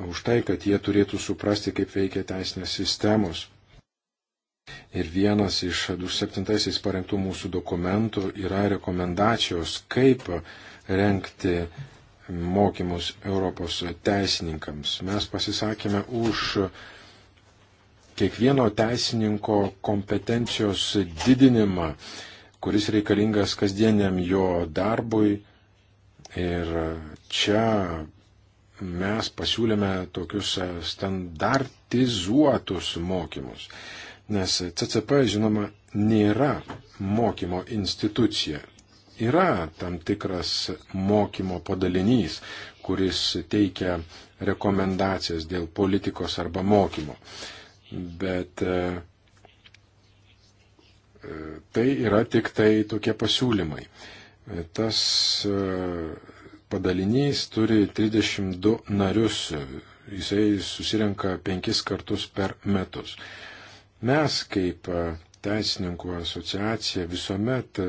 už tai, kad jie turėtų suprasti, kaip veikia teisinės sistemos. Ir vienas iš 27-aisiais parengtų mūsų dokumentų yra rekomendacijos, kaip renkti mokymus Europos teisininkams. Mes pasisakėme už kiekvieno teisininko kompetencijos didinimą, kuris reikalingas kasdieniam jo darbui. Ir čia mes pasiūlėme tokius e, standartizuotus mokymus, nes CCP, žinoma, nėra mokymo institucija. Yra tam tikras mokymo padalinys, kuris teikia rekomendacijas dėl politikos arba mokymo. Bet e, e, tai yra tik tai tokie pasiūlymai. Tas padalinys turi 32 narius, jisai susirenka penkis kartus per metus. Mes kaip e, Teisininkų asociacija visuomet e,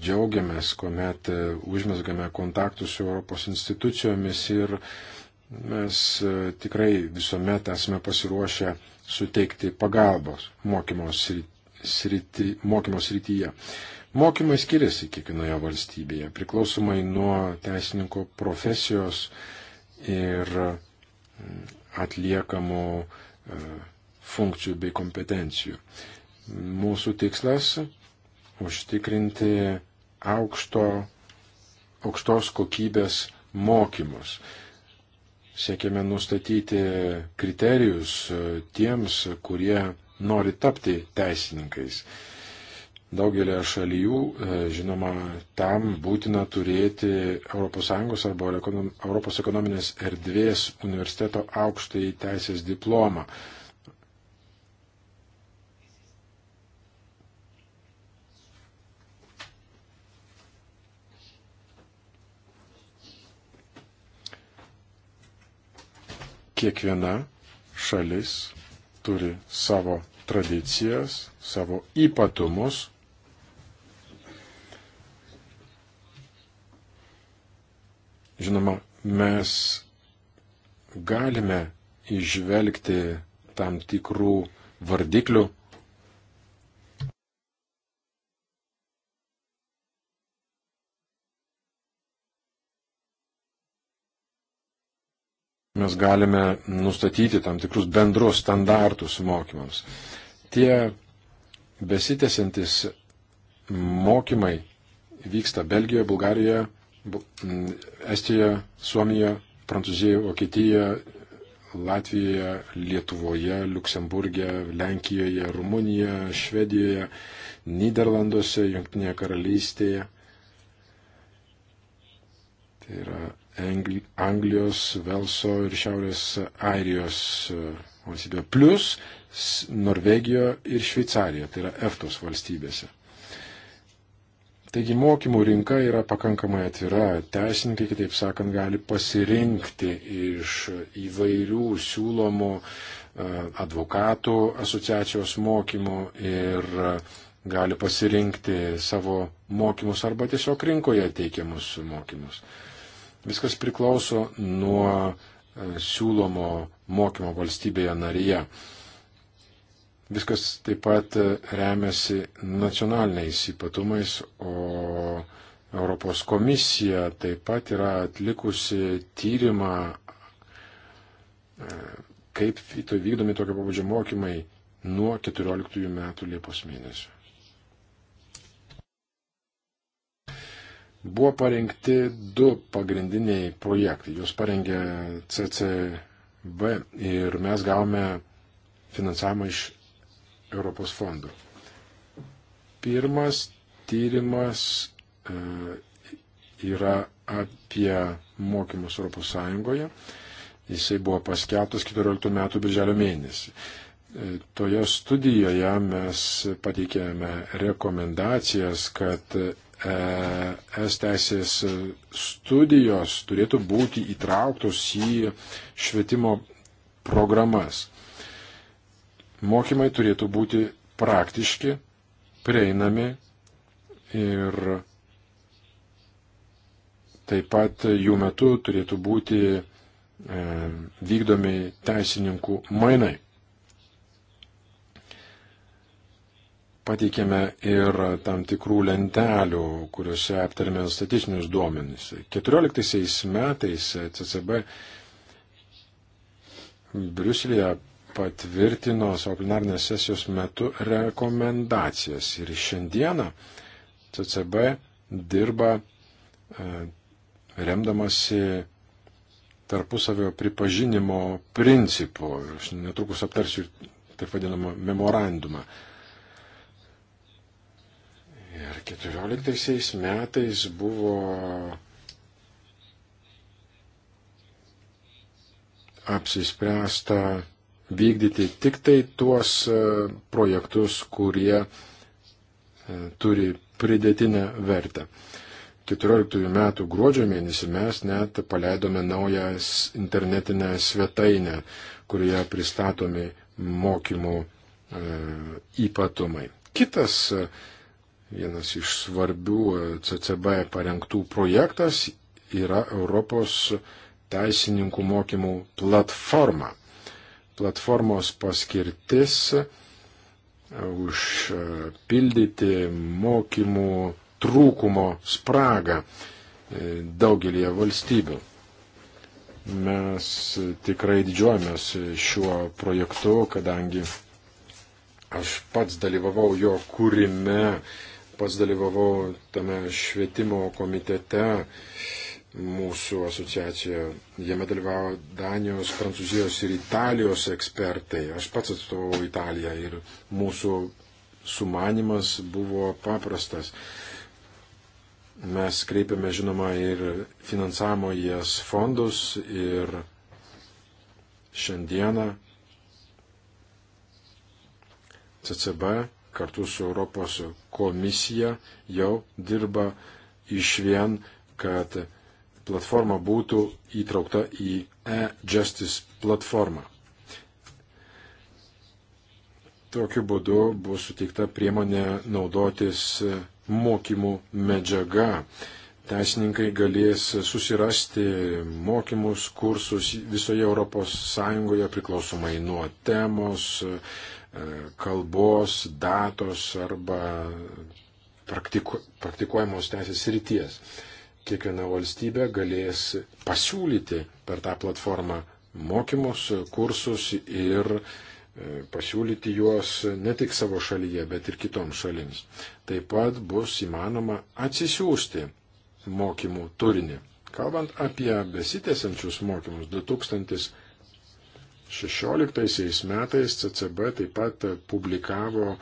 džiaugiamės, kuomet e, užmesgame kontaktus su Europos institucijomis ir mes tikrai visuomet esame pasiruošę suteikti pagalbos mokymo, srity, mokymo srityje. Srity, Mokymai skiriasi kiekvienoje valstybėje, priklausomai nuo teisininko profesijos ir mm, atliekamų e, funkcijų bei kompetencijų. Mūsų tikslas - užtikrinti aukšto, aukštos kokybės mokymus. Siekėme nustatyti kriterijus e, tiems, kurie nori tapti teisininkais. Daugelio šalyjų, e, žinoma, tam būtina turėti ES arba Europos ekonominės erdvės universiteto aukštai teisės diplomą. kiekviena šalis turi savo tradicijas, savo ypatumus, Žinoma, mes galime išvelgti tam tikrų vardiklių. Mes galime nustatyti tam tikrus bendrus standartus mokymams. Tie besitėsiantis mokymai vyksta Belgijoje, Bulgarijoje, Estijoje, Suomijoje, Prancūzijoje, Vokietijoje, Latvijoje, Lietuvoje, Luksemburgė, Lenkijoje, Rumunijoje, Švedijoje, Niderlanduose, Junktinėje karalystėje. Tai yra Angli Anglijos, Velso ir Šiaurės Airijos e, valstybė. Plus Norvegijoje ir Šveicarijoje, tai yra EFTOS valstybėse. Taigi mokymų rinka yra pakankamai atvira. Teisininkai, kitaip sakant, gali pasirinkti iš įvairių siūlomų e, advokatų asociacijos mokymų ir gali pasirinkti savo mokymus arba tiesiog rinkoje teikiamus mokymus. Viskas priklauso nuo e, siūlomo mokymo valstybėje narėje. Viskas taip pat e, remiasi nacionaliniais ypatumais, o Europos komisija taip pat yra atlikusi tyrimą, e, kaip vykdomi tokio pabudžio mokymai nuo 14 metų Liepos mėnesio. Buvo parengti du pagrindiniai projektai. Juos parengė CCB ir mes gavome finansavimą iš Europos fondų. Pirmas tyrimas e, yra apie mokymus Europos Sąjungoje. Jisai buvo paskelbtas 14 metų birželio mėnesį. E, toje studijoje mes pateikėme rekomendacijas, kad e, es teisės studijos turėtų būti įtrauktos į švietimo programas. Mokymai turėtų būti praktiški, prieinami ir taip pat jų metu turėtų būti e, vykdomi teisininkų mainai. Pateikėme ir tam tikrų lentelių, kuriuose aptarėme statistinius duomenys. 14 metais CCB Briuselėje patvirtino savo plenarnės sesijos metu rekomendacijas. Ir šiandieną CCB dirba e, remdamasi tarpusavio pripažinimo principu. Aš netrukus aptarsiu taip vadinamą memorandumą. Ir 14 metais buvo apsispręsta vykdyti tik tai tuos e, projektus, kurie e, turi pridėtinę vertę. 14 metų gruodžio mėnesį mes net paleidome naują internetinę svetainę, kurioje pristatomi mokymų e, ypatumai. Kitas vienas iš svarbių CCB parengtų projektas yra Europos teisininkų mokymų platforma platformos paskirtis e, užpildyti mokymų trūkumo spragą e, daugelie valstybių. Mes tikrai didžiuojamės šiuo projektu, kadangi aš pats dalyvavau jo kūrime, pats dalyvavau tame švietimo komitete, mūsų asociacijoje. Jame dalyvavo Danijos, Prancūzijos ir Italijos ekspertai. Aš pats atstovau Italiją ir mūsų sumanimas buvo paprastas. Mes kreipiame, žinoma, ir finansavimo į jas fondus ir šiandieną CCB kartu su Europos komisija jau dirba iš vien, kad platforma būtų įtraukta į e-justice platformą. Tokiu būdu bus suteikta priemonė naudotis mokymų medžiaga. Teisininkai galės susirasti mokymus, kursus visoje ES priklausomai nuo temos, e, kalbos, datos arba praktiku, praktikuojamos teisės ryties kiekviena valstybė galės pasiūlyti per tą platformą mokymus, kursus ir e, pasiūlyti juos ne tik savo šalyje, bet ir kitoms šalims. Taip pat bus įmanoma atsisiųsti mokymų turinį. Kalbant apie besitėsiančius mokymus, 2016 metais CCB taip pat publikavo e,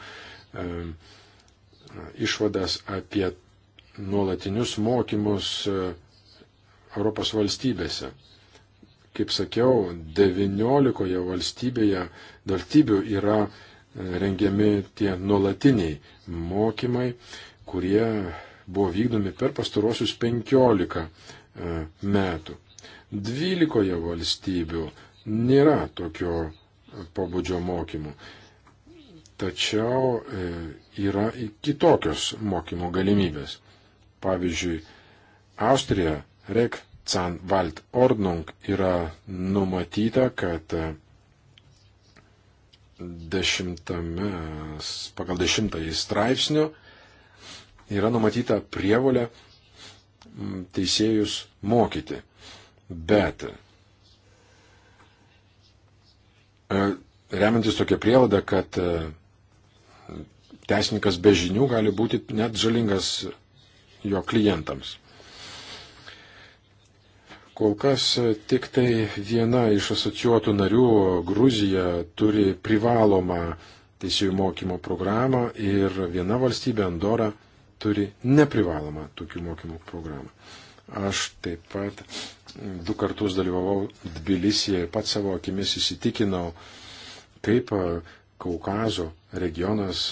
išvadas apie nuolatinius mokymus e, Europos valstybėse. Kaip sakiau, 19 valstybėje valstybių yra e, rengiami tie nuolatiniai mokymai, kurie buvo vykdomi per pastarosius 15 e, metų. 12 valstybių nėra tokio pobūdžio mokymų. Tačiau yra kitokios mokymo galimybės. Pavyzdžiui, Austrija Rek Canvalt Ordnung yra numatyta, kad dešimtame, pagal dešimtąjį straipsnių yra numatyta prievolė mm, teisėjus mokyti. Bet e, remiantis tokia prielada, kad e, teisininkas be žinių gali būti net žalingas jo klientams. Kol kas tik tai viena iš asociuotų narių, Gruzija, turi privalomą teisėjų mokymo programą ir viena valstybė, Andora, turi neprivalomą tokių mokymų programą. Aš taip pat du kartus dalyvavau Tbilisije ir pats savo akimis įsitikinau, kaip Kaukazo regionas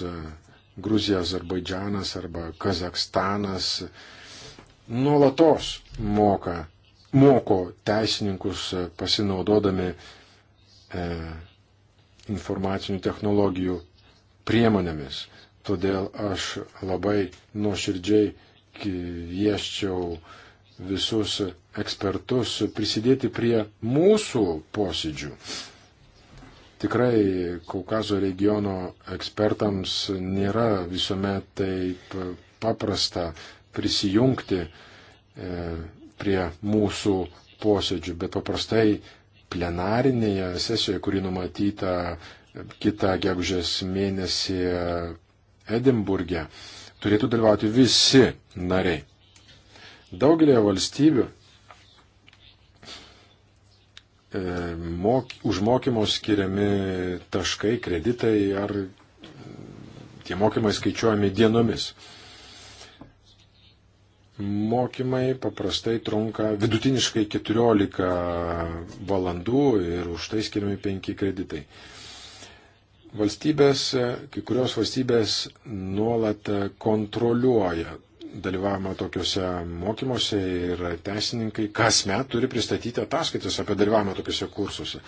Gruzija, Azerbaidžanas arba Kazakstanas nuolatos moka, moko teisininkus pasinaudodami e, informacinių technologijų priemonėmis. Todėl aš labai nuoširdžiai kvieščiau visus ekspertus prisidėti prie mūsų posėdžių Tikrai Kaukazo regiono ekspertams nėra visuomet taip paprasta prisijungti e, prie mūsų posėdžių, bet paprastai plenarinėje sesijoje, kuri numatyta kitą gegužės mėnesį Edimburgė, turėtų dalyvauti visi nariai. Daugelėje valstybių E, mok, už mokymus skiriami taškai, kreditai ar e, tie mokymai skaičiuojami dienomis. Mokymai paprastai trunka vidutiniškai 14 valandų ir už tai skiriami 5 kreditai. Valstybės, kai kurios valstybės nuolat kontroliuoja dalyvavimą tokiuose mokymuose ir teisininkai kasmet turi pristatyti ataskaitas apie dalyvavimą tokiuose kursuose.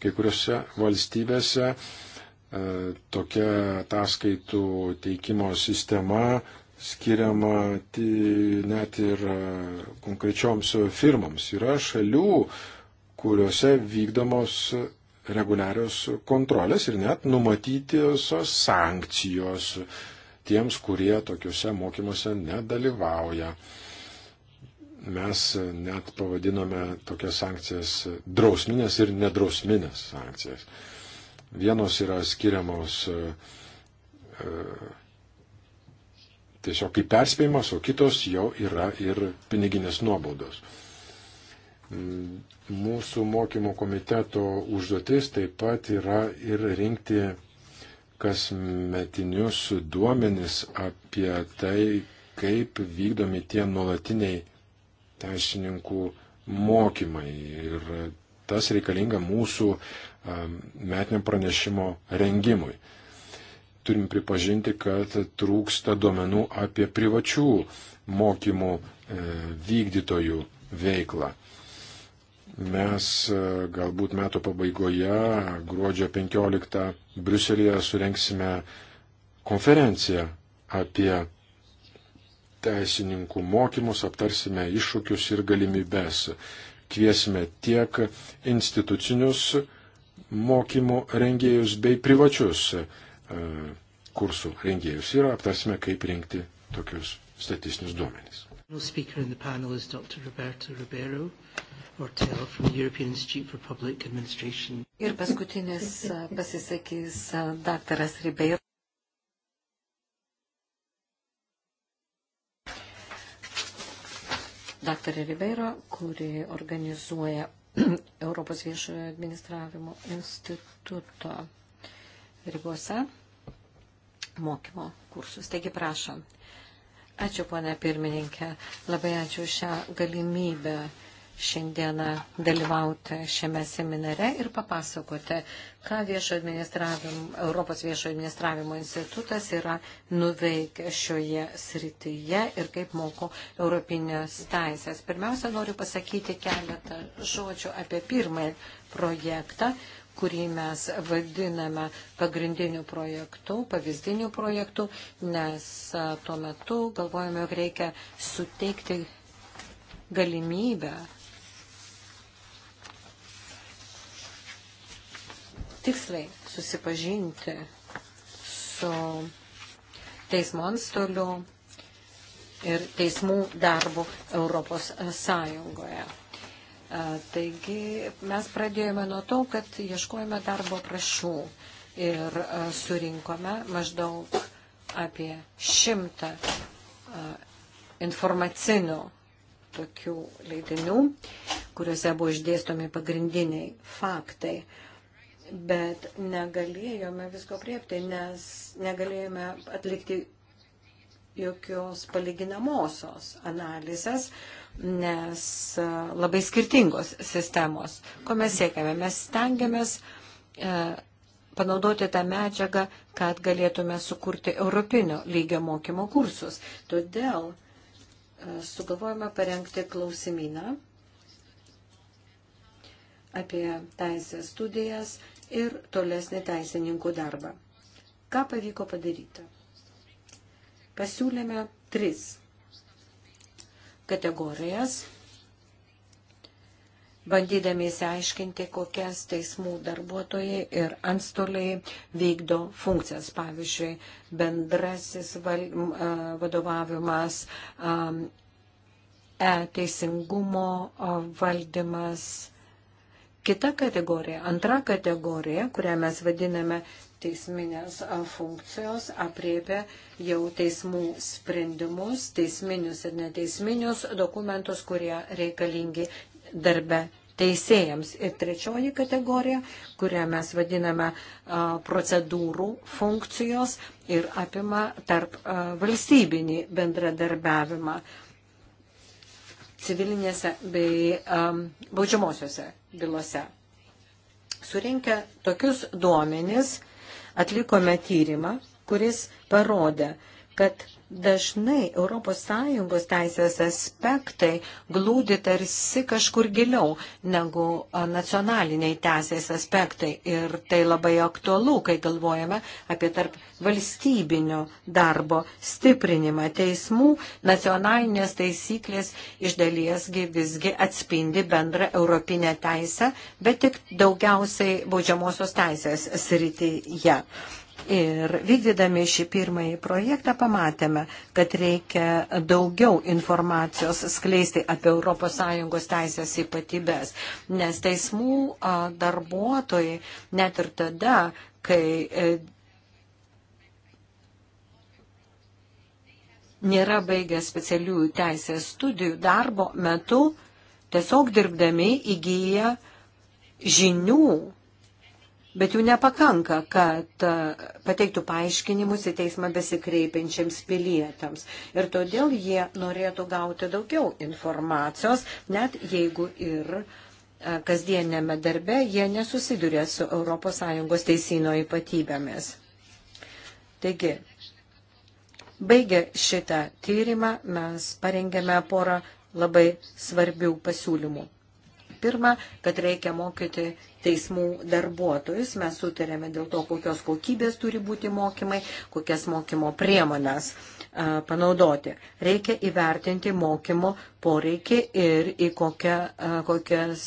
Kai kuriuose valstybėse e, tokia ataskaitų teikimo sistema skiriama net ir e, konkrečioms firmoms. Yra šalių, kuriuose vykdomos reguliarios kontrolės ir net numatytiosios sankcijos tiems, kurie tokiuose mokymuose nedalyvauja. Mes net pavadinome tokias sankcijas drausminės ir nedrausminės sankcijas. Vienos yra skiriamos e, e, tiesiog kaip perspėjimas, o kitos jau yra ir piniginės nuobaudos. Mūsų mokymo komiteto užduotis taip pat yra ir rinkti kasmetinius duomenis apie tai, kaip vykdomi tie nuolatiniai teisininkų mokymai. Ir tas reikalinga mūsų um, metiniam pranešimo rengimui. Turim pripažinti, kad trūksta duomenų apie privačių mokymų e, vykdytojų veiklą. Mes e, galbūt metų pabaigoje, gruodžio 15, Bruselėje surenksime konferenciją apie teisininkų mokymus, aptarsime iššūkius ir galimybės. Kviesime tiek institucinius mokymų rengėjus bei privačius e, kursų rengėjus ir aptarsime, kaip rinkti tokius statistinius duomenys. Ortel from the European Institute for Public Administration. Ir paskutinis pasisakys daktaras Ribeiro. Daktarė Ribeiro, kuri organizuoja (clears throat) Europos viešojo administravimo instituto ribose mokymo kursus. Taigi prašom. Ačiū, ponė pirmininkė. Labai ačiū šią galimybę šiandieną dalyvauti šiame seminare ir papasakoti, ką viešo Europos viešo administravimo institutas yra nuveikę šioje srityje ir kaip moko europinės teisės. Pirmiausia, noriu pasakyti keletą žodžių apie pirmąjį projektą kurį mes vadiname pagrindiniu projektu, pavyzdiniu projektu, nes tuo metu galvojame, jog reikia suteikti galimybę tiksliai susipažinti su teismo antstoliu ir teismų darbu Europos Sąjungoje. Taigi mes pradėjome nuo to, kad ieškojame darbo prašų ir surinkome maždaug apie šimtą informacinių tokių leidinių, kuriuose buvo išdėstomi pagrindiniai faktai bet negalėjome visko priepti, nes negalėjome atlikti jokios palyginamosios analizės, nes e, labai skirtingos sistemos. Ko mes siekiame? Mes stengiamės e, panaudoti tą medžiagą, kad galėtume sukurti europinio lygio mokymo kursus. Todėl e, sugalvojame parengti klausimyną apie teisės studijas ir tolesnį teisininkų darbą. Ką pavyko padaryti? Pasiūlėme tris kategorijas, bandydami įsiaiškinti, kokias teismų darbuotojai ir antstoliai vykdo funkcijas. Pavyzdžiui, bendrasis val, vadovavimas, e teisingumo valdymas, Kita kategorija, antra kategorija, kurią mes vadiname teisminės funkcijos, apriepia jau teismų sprendimus, teisminius ir neteisminius dokumentus, kurie reikalingi darbe teisėjams. Ir trečioji kategorija, kurią mes vadiname procedūrų funkcijos ir apima tarp valstybinį bendradarbiavimą civilinėse bei um, baudžiamosiose bylose. Surinkę tokius duomenis atlikome tyrimą, kuris parodė, kad dažnai ES teisės aspektai glūdi tarsi kažkur giliau negu nacionaliniai teisės aspektai. Ir tai labai aktualu, kai galvojame apie tarp valstybinio darbo stiprinimą teismų. Nacionalinės taisyklės iš daliesgi visgi atspindi bendrą europinę teisę, bet tik daugiausiai baudžiamosios teisės srityje. Ir vykdydami šį pirmąjį projektą pamatėme, kad reikia daugiau informacijos skleisti apie ES teisės ypatybės, nes teismų darbuotojai net ir tada, kai e, nėra baigę specialiųjų teisės studijų darbo metu, tiesiog dirbdami įgyja žinių bet jų nepakanka, kad e, pateiktų paaiškinimus į teismą besikreipiančiams pilietams. Ir todėl jie norėtų gauti daugiau informacijos, net jeigu ir e, kasdienėme darbe jie nesusiduria su ES teisino ypatybėmis. Taigi, baigę šitą tyrimą, mes parengėme porą labai svarbių pasiūlymų. Pirma, kad reikia mokyti teismų darbuotojus. Mes sutarėme dėl to, kokios kokybės turi būti mokymai, kokias mokymo priemonas panaudoti. Reikia įvertinti mokymo poreikį ir į kokią, kokias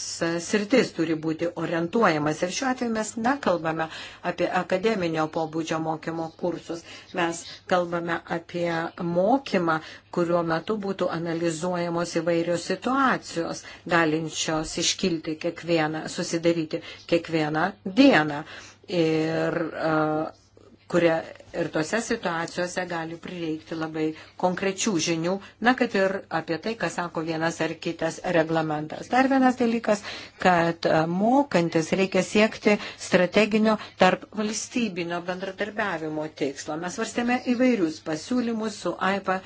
sritis turi būti orientuojamas. Ir šiuo atveju mes nekalbame apie akademinio pobūdžio mokymo kursus. Mes kalbame apie mokymą, kuriuo metu būtų analizuojamos įvairios situacijos, galinčios iškilti kiekvieną, susidaryti kiekvieną dieną ir uh, kuria Ir tose situacijose gali prireikti labai konkrečių žinių, na, kad ir apie tai, kas sako vienas ar kitas reglamentas. Dar vienas dalykas, kad e, mokantis reikia siekti strateginio tarp valstybinio bendradarbiavimo tikslo. Mes varstėme įvairius pasiūlymus su AIPA e,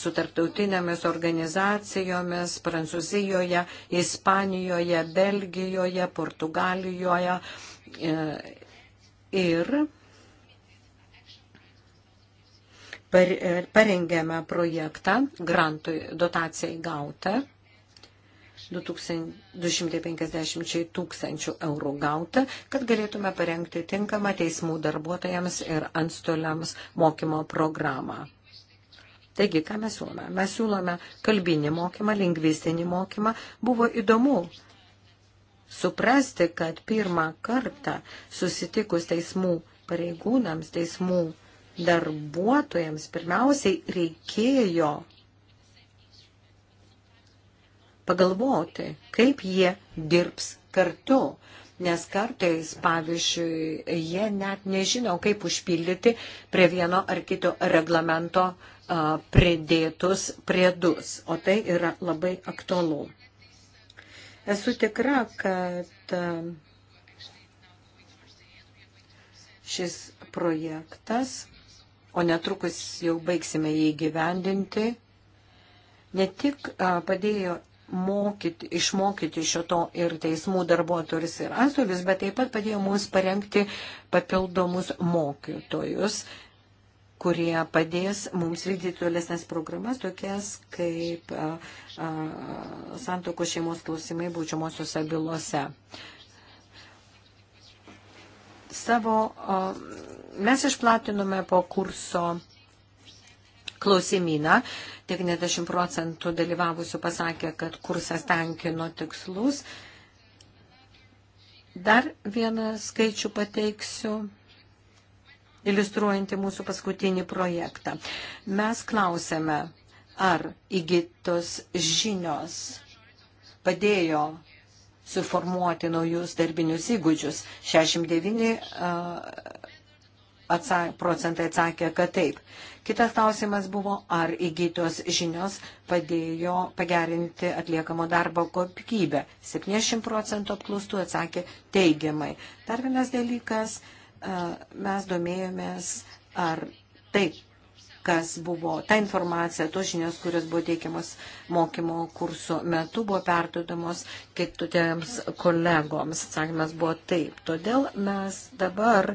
su tarptautinėmis organizacijomis Prancūzijoje, Ispanijoje, Belgijoje, Portugalijoje. E, ir E, parengėme projektą grantui dotacijai gautą, 250 tūkstančių eurų gauta, kad galėtume parengti tinkamą teismų darbuotojams ir antstoliams mokymo programą. Taigi, ką mes siūlome? Mes siūlome kalbinį mokymą, lingvistinį mokymą. Buvo įdomu suprasti, kad pirmą kartą susitikus teismų pareigūnams, teismų darbuotojams pirmiausiai reikėjo pagalvoti, kaip jie dirbs kartu. Nes kartais, pavyzdžiui, jie net nežino, kaip užpildyti prie vieno ar kito reglamento a, pridėtus priedus. O tai yra labai aktualu. Esu tikra, kad a, šis projektas o netrukus jau baigsime jį gyvendinti, ne tik padėjo mokyti, išmokyti šito ir teismų darbuotojus ir antstolius, bet taip pat padėjo mums parengti papildomus mokytojus, kurie padės mums vykdyti tolesnės programas, tokias kaip a, a, santokos šeimos klausimai būčiamosiuose bylose. Savo a, Mes išplatinome po kurso klausimyną. 90 procentų dalyvavusių pasakė, kad kursas tenkino tikslus. Dar vieną skaičių pateiksiu, iliustruojantį mūsų paskutinį projektą. Mes klausėme, ar įgytos žinios padėjo suformuoti naujus darbinius įgūdžius. 69 atsak, procentai atsakė, kad taip. Kitas klausimas buvo, ar įgytos žinios padėjo pagerinti atliekamo darbo kokybę. 70 procentų apklaustų atsakė teigiamai. Dar vienas dalykas, e, mes domėjomės, ar taip kas buvo, ta informacija, tos žinios, kurios buvo teikiamas mokymo kursų metu, buvo perdodamos kitutėms kolegoms. Atsakymas buvo taip. Todėl mes dabar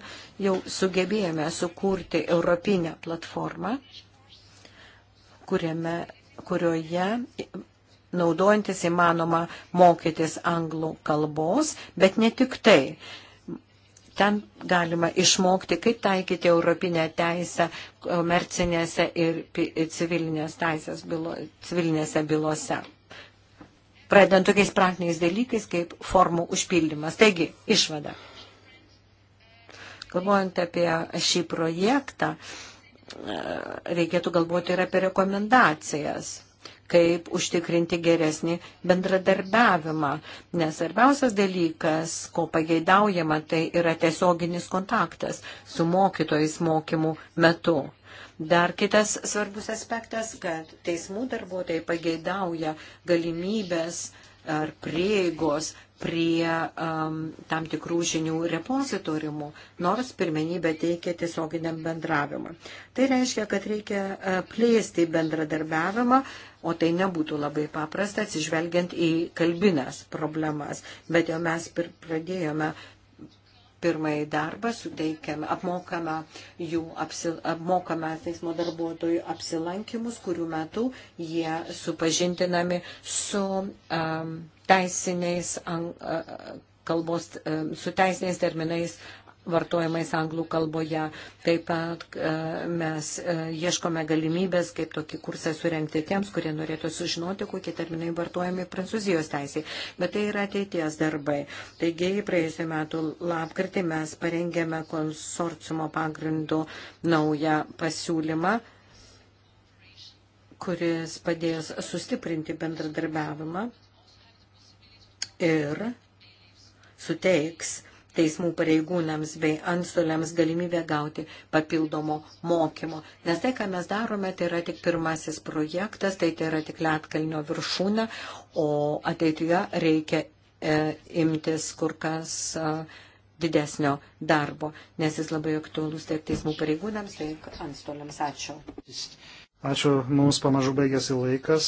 jau sugebėjome sukurti europinę platformą, kuriame, kurioje naudojantis įmanoma mokytis anglų kalbos, bet ne tik tai. Ten galima išmokti, kaip taikyti europinę teisę komercinėse ir civilinės teisės bylo, civilinėse bylose. Pradedant tokiais praktiniais dalykais, kaip formų užpildymas. Taigi, išvada. Galvojant apie šį projektą, e, reikėtų galvoti ir apie rekomendacijas kaip užtikrinti geresnį bendradarbiavimą. Nes svarbiausias dalykas, ko pageidaujama, tai yra tiesioginis kontaktas su mokytojais mokymų metu. Dar kitas svarbus aspektas, kad teismų darbuotojai pageidauja galimybės ar prieigos prie um, tam tikrų žinių repozitoriumų, nors pirmenybę teikia tiesioginiam bendravimui. Tai reiškia, kad reikia uh, plėsti bendradarbiavimą, uh, o tai nebūtų labai paprasta atsižvelgiant į kalbinės problemas. Bet jau mes pradėjome pirmąjį darbą, suteikiame, apmokame jų, apsi, apmokame teismo darbuotojų apsilankimus, kurių metu jie supažintinami su um, teisiniais, um, kalbos, um, su teisiniais terminais vartojamais anglų kalboje. Taip pat e, mes e, ieškome galimybės, kaip tokį kursą surenkti tiems, kurie norėtų sužinoti, kokie terminai vartojami prancūzijos teisiai. Bet tai yra ateities darbai. Taigi, praėjusiu metu lapkritį mes parengėme konsorciumo pagrindų naują pasiūlymą kuris padės sustiprinti bendradarbiavimą ir suteiks teismų pareigūnams bei antstoliams galimybę gauti papildomo mokymo. Nes tai, ką mes darome, tai yra tik pirmasis projektas, tai, tai yra tik Lietkalnio viršūnė, o ateityje reikia e, imtis kur kas. E, didesnio darbo, nes jis labai aktuolus tiek teismų pareigūnams, tiek antstoliams. Ačiū. Ačiū, mums pamažu baigėsi laikas.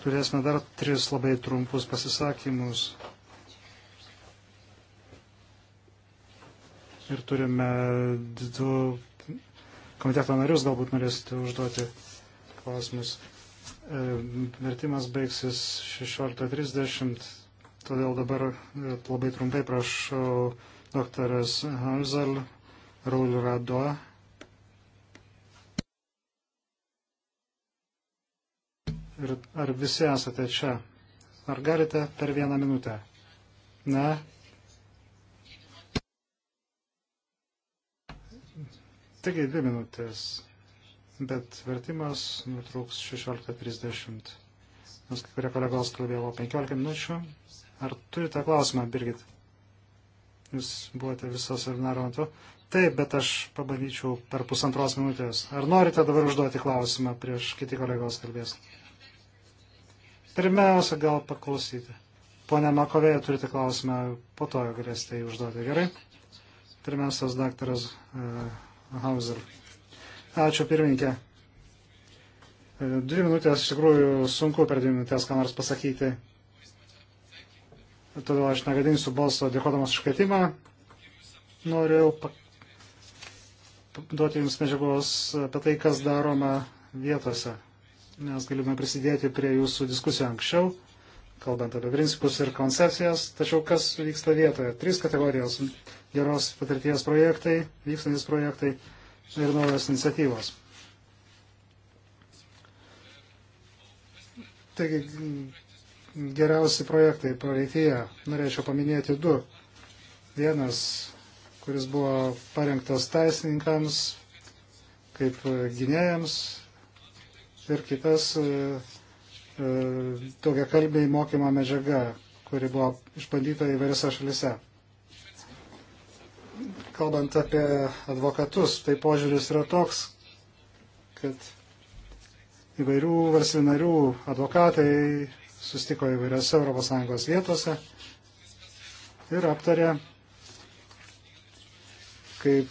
Turėsime dar tris labai trumpus pasisakymus. ir turime du komiteto narius, galbūt norėsite užduoti klausimus. E, vertimas baigsis 16.30, todėl dabar e, labai trumpai prašau daktaras Hamzal Raul Rado. Ir ar visi esate čia? Ar galite per vieną minutę? Ne, Taigi dvi minutės, bet vertimas nutrūks 16.30, nors kai kurie kolegos kalbėjo 15 minučių. Ar turite klausimą, Birgit? Jūs buvote viso seminaro metu. Taip, bet aš pabandyčiau per pusantros minutės. Ar norite dabar užduoti klausimą prieš kiti kolegos kalbės? Pirmiausia, gal paklausyti. Pone Makovėje, turite klausimą, po to galėsite jį užduoti. Gerai? Pirmiausias daktaras. Uh, Hauser. Ačiū pirmininkė. E, dvi minutės, iš tikrųjų, sunku per dvi minutės ką nors pasakyti. Todėl aš negadinsiu balso dėkodamas už kvietimą. Noriu pa... duoti Jums medžiagos apie tai, kas daroma vietose. Mes galime prisidėti prie Jūsų diskusijų anksčiau, kalbant apie principus ir koncepcijas. Tačiau kas vyksta vietoje? Trys kategorijos geros patirties projektai, vykstantis projektai ir naujos iniciatyvos. Taigi, geriausi projektai praeityje, norėčiau paminėti du. Vienas, kuris buvo parengtas teisininkams, kaip gynėjams, ir kitas tokia e, e, kalbiai mokymo medžiaga, kuri buvo išbandyta įvairiose šalise kalbant apie advokatus, tai požiūris yra toks, kad įvairių valstybinarių advokatai sustiko įvairiose ES vietose ir aptarė, kaip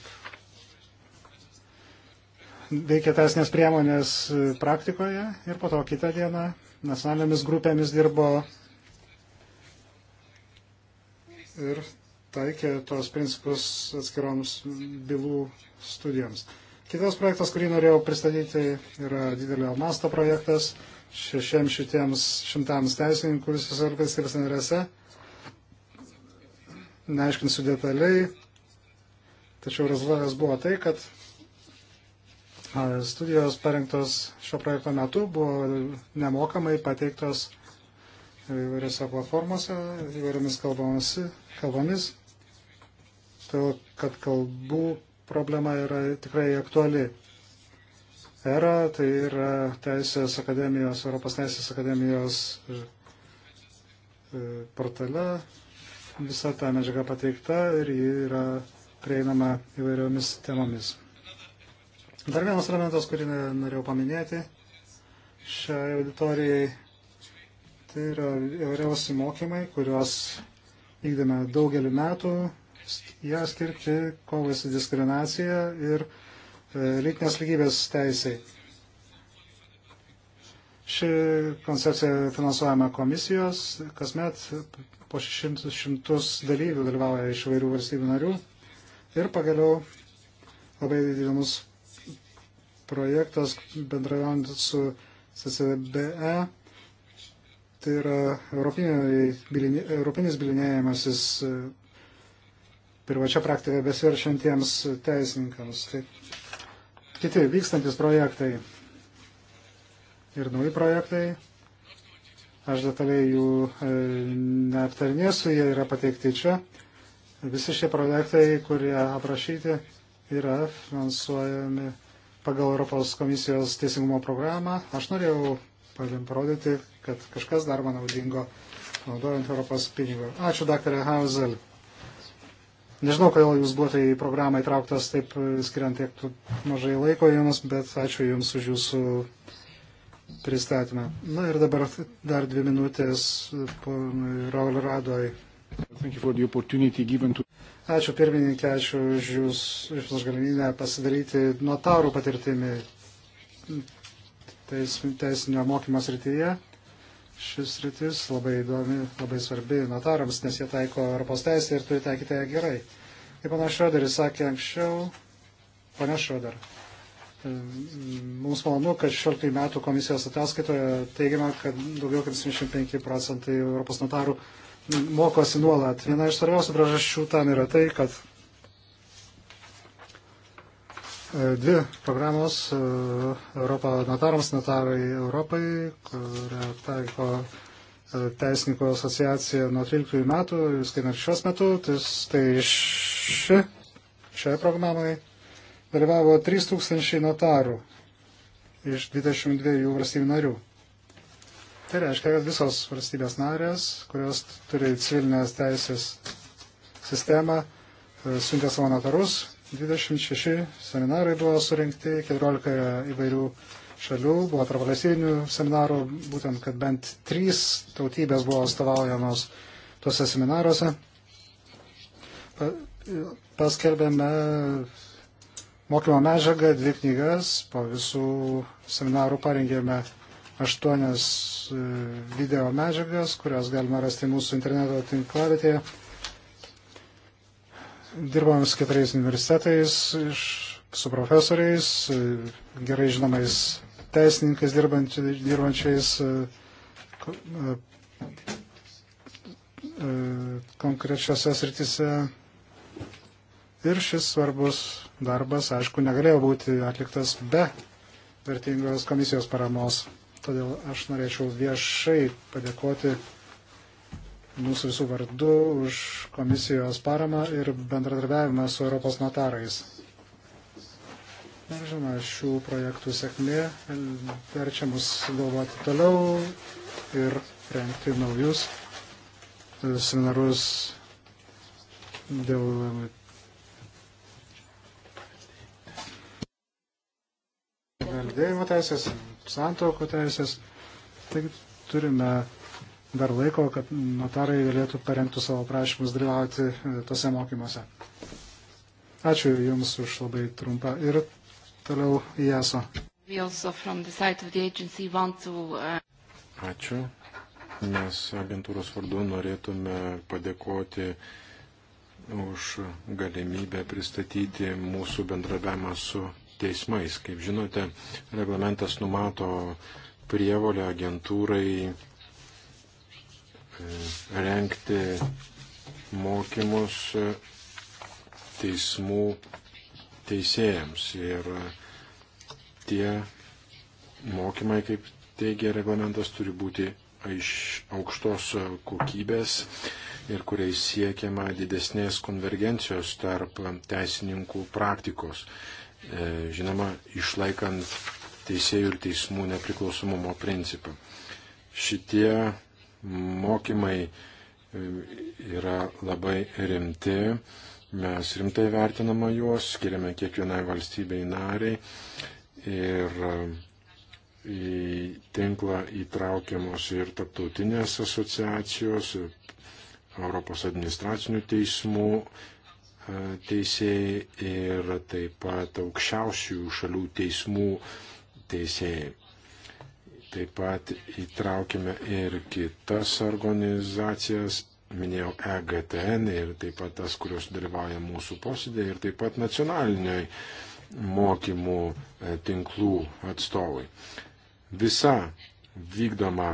veikia teisinės priemonės praktikoje ir po to kitą dieną nacionalinėmis grupėmis dirbo ir taikė tos principus atskiroms bylų studijoms. Kitas projektas, kurį norėjau pristatyti, yra didelio masto projektas šešiems šitiems šimtams teisininkų visose valstybės narėse. Neaiškinsiu detaliai, tačiau rezultatas buvo tai, kad studijos parengtos šio projekto metu buvo nemokamai pateiktos įvairiose platformose, įvairiomis kalbomis. kalbomis to, kad kalbų problema yra tikrai aktuali. Era tai yra Teisės akademijos, Europos Teisės akademijos e, portale. Visa ta medžiaga pateikta ir ji yra prieinama įvairiomis temomis. Dar vienas elementas, kurį norėjau paminėti šiai auditorijai, tai yra įvairiausi mokymai, kuriuos vykdėme daugelį metų ją skirti kovai su diskriminacija ir e, lytinės lygybės teisai. Ši koncepcija finansuojama komisijos, kasmet po 600 dalyvių dalyvauja iš vairių valstybių narių ir pagaliau labai įdomus projektas bendraujant su CCBE, tai yra europinis bilinėjimasis e, privačia praktika besveršiantiems teisininkams. Tai kiti vykstantis projektai ir nauji projektai. Aš detaliai jų e, neaptarnėsiu, jie yra pateikti čia. Visi šie projektai, kurie aprašyti, yra finansuojami pagal Europos komisijos teisingumo programą. Aš norėjau parodyti, kad kažkas daroma naudingo naudojant Europos pinigų. Ačiū, daktarė Hausel. Nežinau, kodėl jūs buvote į programą įtrauktas taip skiriant tiek mažai laiko jums, bet ačiū jums už jūsų pristatymą. Na ir dabar dar dvi minutės ponui Raul Radoj. Ačiū pirmininkė, ačiū už jūsų galimybę pasidaryti notarų patirtimi teisinio mokymo srityje. Šis rytis labai įdomi, labai svarbi notarams, nes jie taiko Europos teisę ir turi taikyti ją gerai. Kaip pana Šroderis sakė anksčiau, pana Šroder, mums malonu, kad 16 metų komisijos ataskaitoje teigiama, kad daugiau kaip 75 procentai Europos notarų mokosi nuolat. Viena iš svarbiausių priežasčių tam yra tai, kad E, dvi programos e, Europą notarams, notarai Europai, kurią taiko e, Teisininkų asociacija nuo 13 metų, skaitant šios metų, tai, tai ši, šioje programai dalyvavo 3000 notarų iš 22 valstybių narių. Tai reiškia, kad visos valstybės narės, kurios turi civilinės teisės sistemą, siuntė savo notarus 26 seminarai buvo surinkti, 14 įvairių šalių, buvo tarpvalstybinių seminarų, būtent, kad bent trys tautybės buvo atstovaujamos tuose seminaruose. Pa, paskelbėme mokymo medžiagą, dvi knygas, po visų seminarų parengėme aštuonias e, video medžiagas, kurias galima rasti mūsų interneto tinklavietėje. Dirbame su keturiais universitetais, iš, su profesoriais, gerai žinomais teisininkais dirbanči, dirbančiais e, e, e, konkrečiose srityse. Ir šis svarbus darbas, aišku, negalėjo būti atliktas be vertingos komisijos paramos. Todėl aš norėčiau viešai padėkoti mūsų visų vardu už komisijos paramą ir bendradarbiavimą su Europos notarais. Ir žinoma, šių projektų sėkmė verčia mus galvoti toliau ir rengti naujus e, seminarus dėl paveldėjimo teisės, santokų teisės. Taigi turime dar laiko, kad notarai galėtų parengtų savo prašymus dalyvauti e, tose mokymuose. Ačiū Jums už labai trumpą ir toliau JASO. Uh, Ačiū. Mes agentūros vardu norėtume padėkoti už galimybę pristatyti mūsų bendravimą su teismais. Kaip žinote, reglamentas numato prievolę agentūrai E, renkti mokymus teismų teisėjams. Ir tie mokymai, kaip teigia reglamentas, turi būti iš aukštos kokybės ir kuriais siekiama didesnės konvergencijos tarp teisininkų praktikos. E, žinoma, išlaikant teisėjų ir teismų nepriklausomumo principą. Šitie mokymai e, yra labai rimti. Mes rimtai vertinama juos, skiriame kiekvienai valstybei nariai ir e, į tinklą įtraukiamos ir tarptautinės asociacijos, Europos administracinių teismų e, teisėjai ir taip pat aukščiausių šalių teismų teisėjai. Taip pat įtraukime ir kitas organizacijas, minėjau EGTN ir taip pat tas, kurios dalyvauja mūsų posėdėje ir taip pat nacionaliniai mokymų e, tinklų atstovai. Visa vykdoma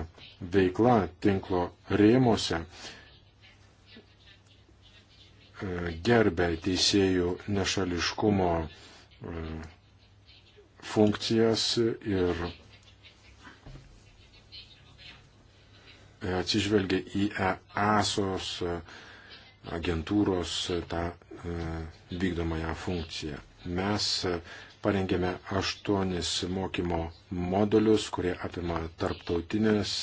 veikla tinklo rėmose gerbė teisėjų nešališkumo e, funkcijas ir E, atsižvelgia į EASOS e, agentūros e, tą vykdomąją funkciją. Mes parengėme aštuonis mokymo modulius, kurie apima tarptautinės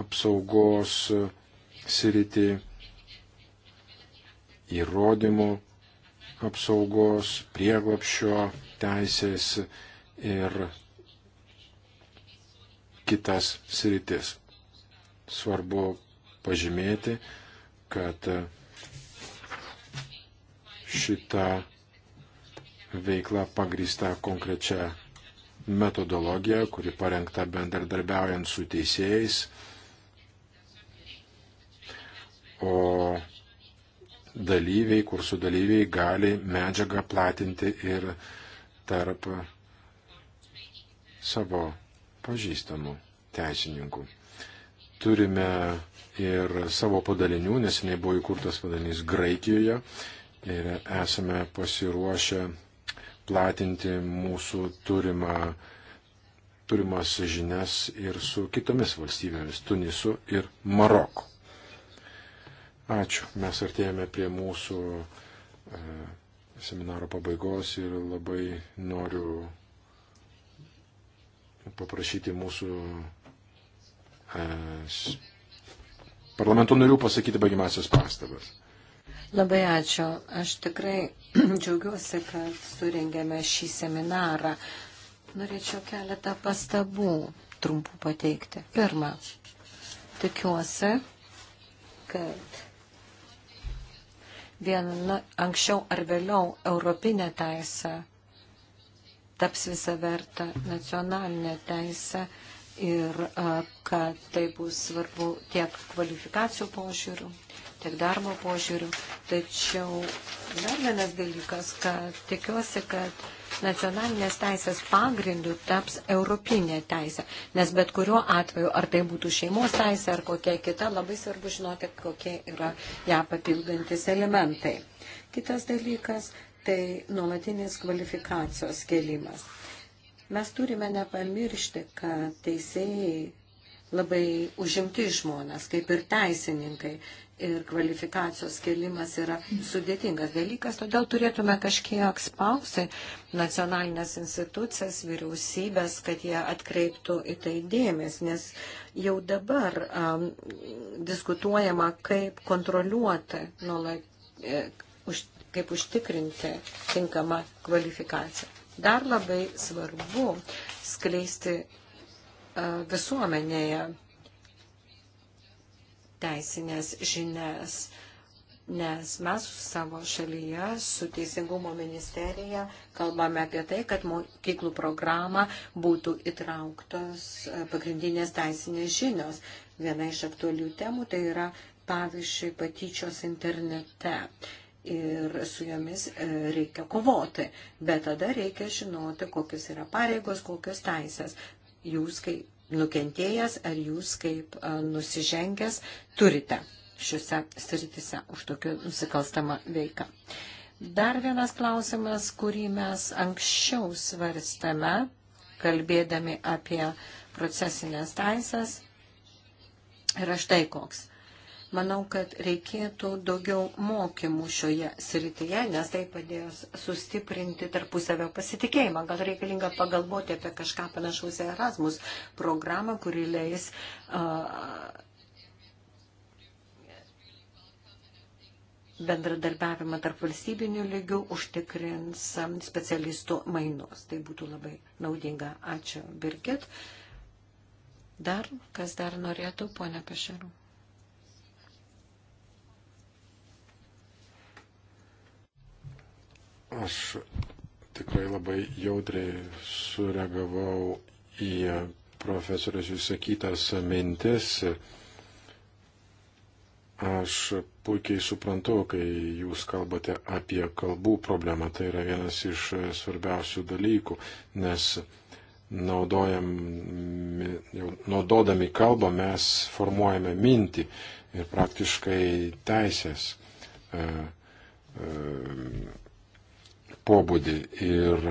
apsaugos sritį, įrodymų apsaugos, prieglapšio teisės ir kitas sritis svarbu pažymėti, kad šita veikla pagrįsta konkrečia metodologija, kuri parengta bendradarbiaujant su teisėjais. O dalyviai, kursų dalyviai gali medžiagą platinti ir tarp savo pažįstamų teisininkų. Turime ir savo padalinių, neseniai buvo įkurtas padalinys Graikijoje ir esame pasiruošę platinti mūsų turimą, turimas žinias ir su kitomis valstybėmis - Tunisu ir Maroku. Ačiū. Mes artėjame prie mūsų e, seminaro pabaigos ir labai noriu paprašyti mūsų parlamento narių pasakyti baigimasios pastabas. Labai ačiū. Aš tikrai (clears throat) džiaugiuosi, kad surengėme šį seminarą. Norėčiau keletą pastabų trumpų pateikti. Pirma, tikiuosi, kad viena anksčiau ar vėliau europinė teisė taps visą vertą nacionalinę teisę ir kad tai bus svarbu tiek kvalifikacijų požiūrių, tiek darbo požiūrių. Tačiau dar vienas dalykas, kad tikiuosi, kad nacionalinės teisės pagrindų taps europinė teisė. Nes bet kuriuo atveju, ar tai būtų šeimos teisė ar kokia kita, labai svarbu žinoti, kokie yra ją papildantis elementai. Kitas dalykas tai nuolatinis kvalifikacijos kelimas. Mes turime nepamiršti, kad teisėjai labai užimti žmonės, kaip ir teisininkai. Ir kvalifikacijos kelimas yra sudėtingas dalykas, todėl turėtume kažkiek spausti nacionalinės institucijas, vyriausybės, kad jie atkreiptų į tai dėmesį, nes jau dabar um, diskutuojama, kaip kontroliuoti, nuolat, e, už, kaip užtikrinti tinkamą kvalifikaciją. Dar labai svarbu skleisti e, visuomenėje teisinės žinias, nes mes savo šalyje su Teisingumo ministerija kalbame apie tai, kad mokyklų programą būtų įtrauktos e, pagrindinės teisinės žinios. Viena iš aktualių temų tai yra pavyzdžiui patyčios internete ir su jomis e, reikia kovoti. Bet tada reikia žinoti, kokios yra pareigos, kokios teisės. Jūs kaip nukentėjęs ar jūs kaip e, nusižengęs turite šiuose sritise už tokią nusikalstamą veiką. Dar vienas klausimas, kurį mes anksčiau svarstame, kalbėdami apie procesinės teisės, yra štai koks. Manau, kad reikėtų daugiau mokymų šioje srityje, nes tai padės sustiprinti tarpusavio pasitikėjimą. Gal reikalinga pagalvoti apie kažką panašaus į Erasmus programą, kuri leis. Uh, bendradarbiavimą tarp valstybinių lygių užtikrins specialistų mainos. Tai būtų labai naudinga. Ačiū, Birgit. Dar, kas dar norėtų, ponia Pešerų? Aš tikrai labai jautriai sureagavau į profesorius išsakytas mintis. Aš puikiai suprantu, kai jūs kalbate apie kalbų problemą, tai yra vienas iš svarbiausių dalykų, nes naudojam, naudodami kalbą mes formuojame mintį ir praktiškai teisės. E, e, pobūdį. Ir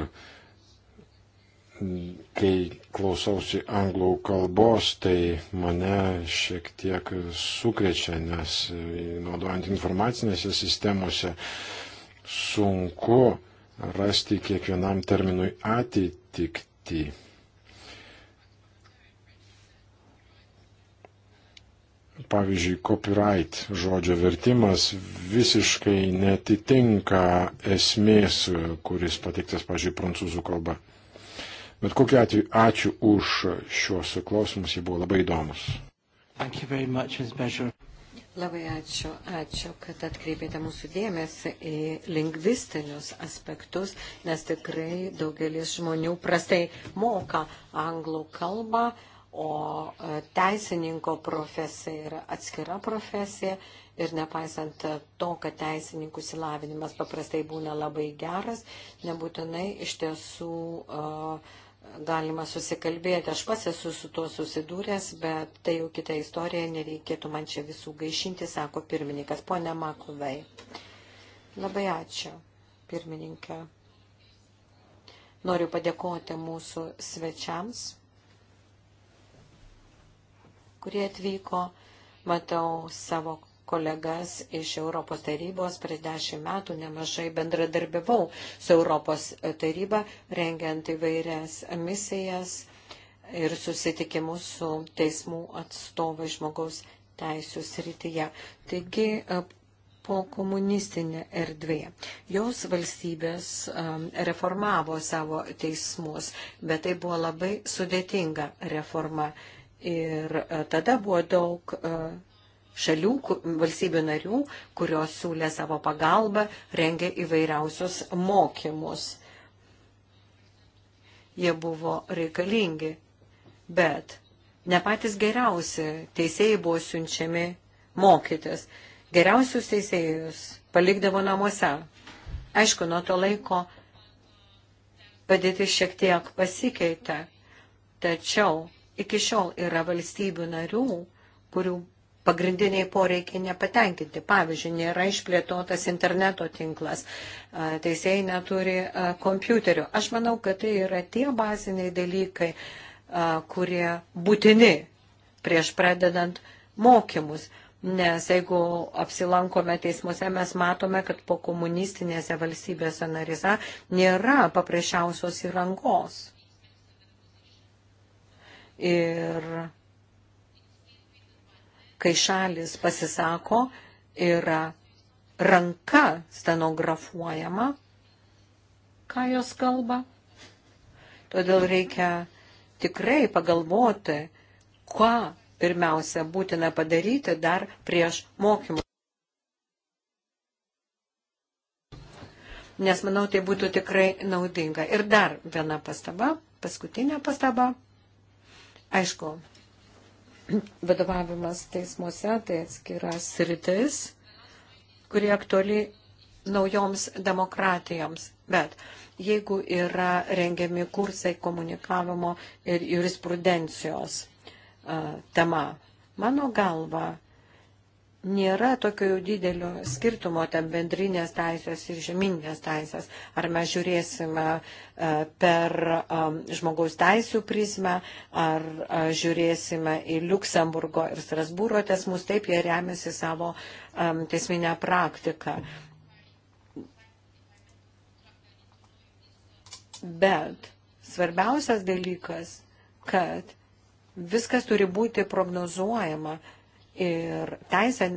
kai klausausi anglų kalbos, tai mane šiek tiek sukrečia, nes naudojant informacinėse sistemose sunku rasti kiekvienam terminui atitikti. pavyzdžiui, copyright žodžio vertimas visiškai netitinka esmės, kuris pateiktas, pavyzdžiui, prancūzų kalba. Bet kokiu atveju, ačiū už šios klausimus, jie buvo labai įdomus. Much, labai ačiū, ačiū, kad atkreipėte mūsų dėmesį į lingvistinius aspektus, nes tikrai daugelis žmonių prastai moka anglų kalbą, O e, teisininko profesija yra atskira profesija ir nepaisant to, kad teisininkų silavinimas paprastai būna labai geras, nebūtinai iš tiesų uh, galima susikalbėti. Aš pats esu su tuo susidūręs, bet tai jau kita istorija, nereikėtų man čia visų gaišinti, sako pirmininkas. Pone Makovai, labai ačiū, pirmininkė. Noriu padėkoti mūsų svečiams kurie atvyko. Matau savo kolegas iš Europos tarybos. Prieš dešimt metų nemažai bendradarbiavau su Europos taryba, rengiant įvairias misijas ir susitikimus su teismų atstovai žmogaus teisų srityje. Taigi, e, po komunistinė erdvė. Jos valstybės um, reformavo savo teismus, bet tai buvo labai sudėtinga reforma. Uh, Ir e, tada buvo daug e, šalių, valstybių narių, kurios siūlė savo pagalbą, rengė įvairiausius mokymus. Jie buvo reikalingi, bet ne patys geriausi teisėjai buvo siunčiami mokytis. Geriausius teisėjus palikdavo namuose. Aišku, nuo to laiko padėtis šiek tiek pasikeitė, tačiau iki šiol yra valstybių narių, kurių pagrindiniai poreikiai nepatenkinti. Pavyzdžiui, nėra išplėtotas interneto tinklas, teisėjai neturi kompiuterių. Aš manau, kad tai yra tie baziniai dalykai, kurie būtini prieš pradedant mokymus. Nes jeigu apsilankome teismuose, mes matome, kad po komunistinėse valstybėse narėse nėra paprasčiausios įrangos Ir kai šalis pasisako, yra ranka stenografuojama, ką jos kalba. Todėl reikia tikrai pagalvoti, ką pirmiausia būtina padaryti dar prieš mokymą. Nes manau, tai būtų tikrai naudinga. Ir dar viena pastaba, paskutinė pastaba. Aišku, vadovavimas teismuose tai atskiras rytis, kurie aktuali naujoms demokratijoms. Bet jeigu yra rengiami kursai komunikavimo ir jurisprudencijos tema, mano galva, nėra tokio jau didelio skirtumo tarp bendrinės teisės ir žeminės teisės. Ar mes žiūrėsime e, per e, žmogaus teisų prizmę, ar e, žiūrėsime į Luksemburgo ir Strasbūro teismus, taip jie remiasi savo teisminę praktiką. Bet svarbiausias dalykas, kad viskas turi būti prognozuojama ir teisė,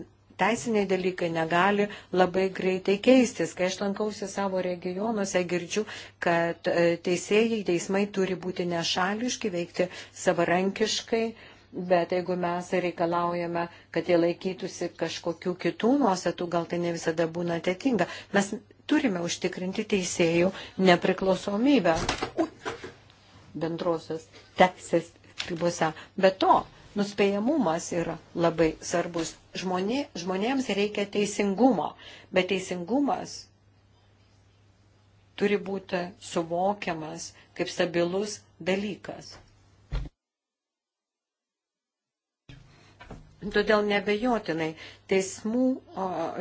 teisiniai dalykai negali labai greitai keistis. Kai aš lankausi savo regionuose, girdžiu, kad e, teisėjai, teismai turi būti nešališki, veikti savarankiškai. Bet jeigu mes reikalaujame, kad jie laikytųsi kažkokių kitų nuostatų, gal tai ne visada būna atitinga. Mes turime užtikrinti teisėjų nepriklausomybę bendrosios teisės ribose. Be to, nuspėjamumas yra labai svarbus. Žmonė, žmonėms reikia teisingumo, bet teisingumas turi būti suvokiamas kaip stabilus dalykas. Todėl nebejotinai teismų,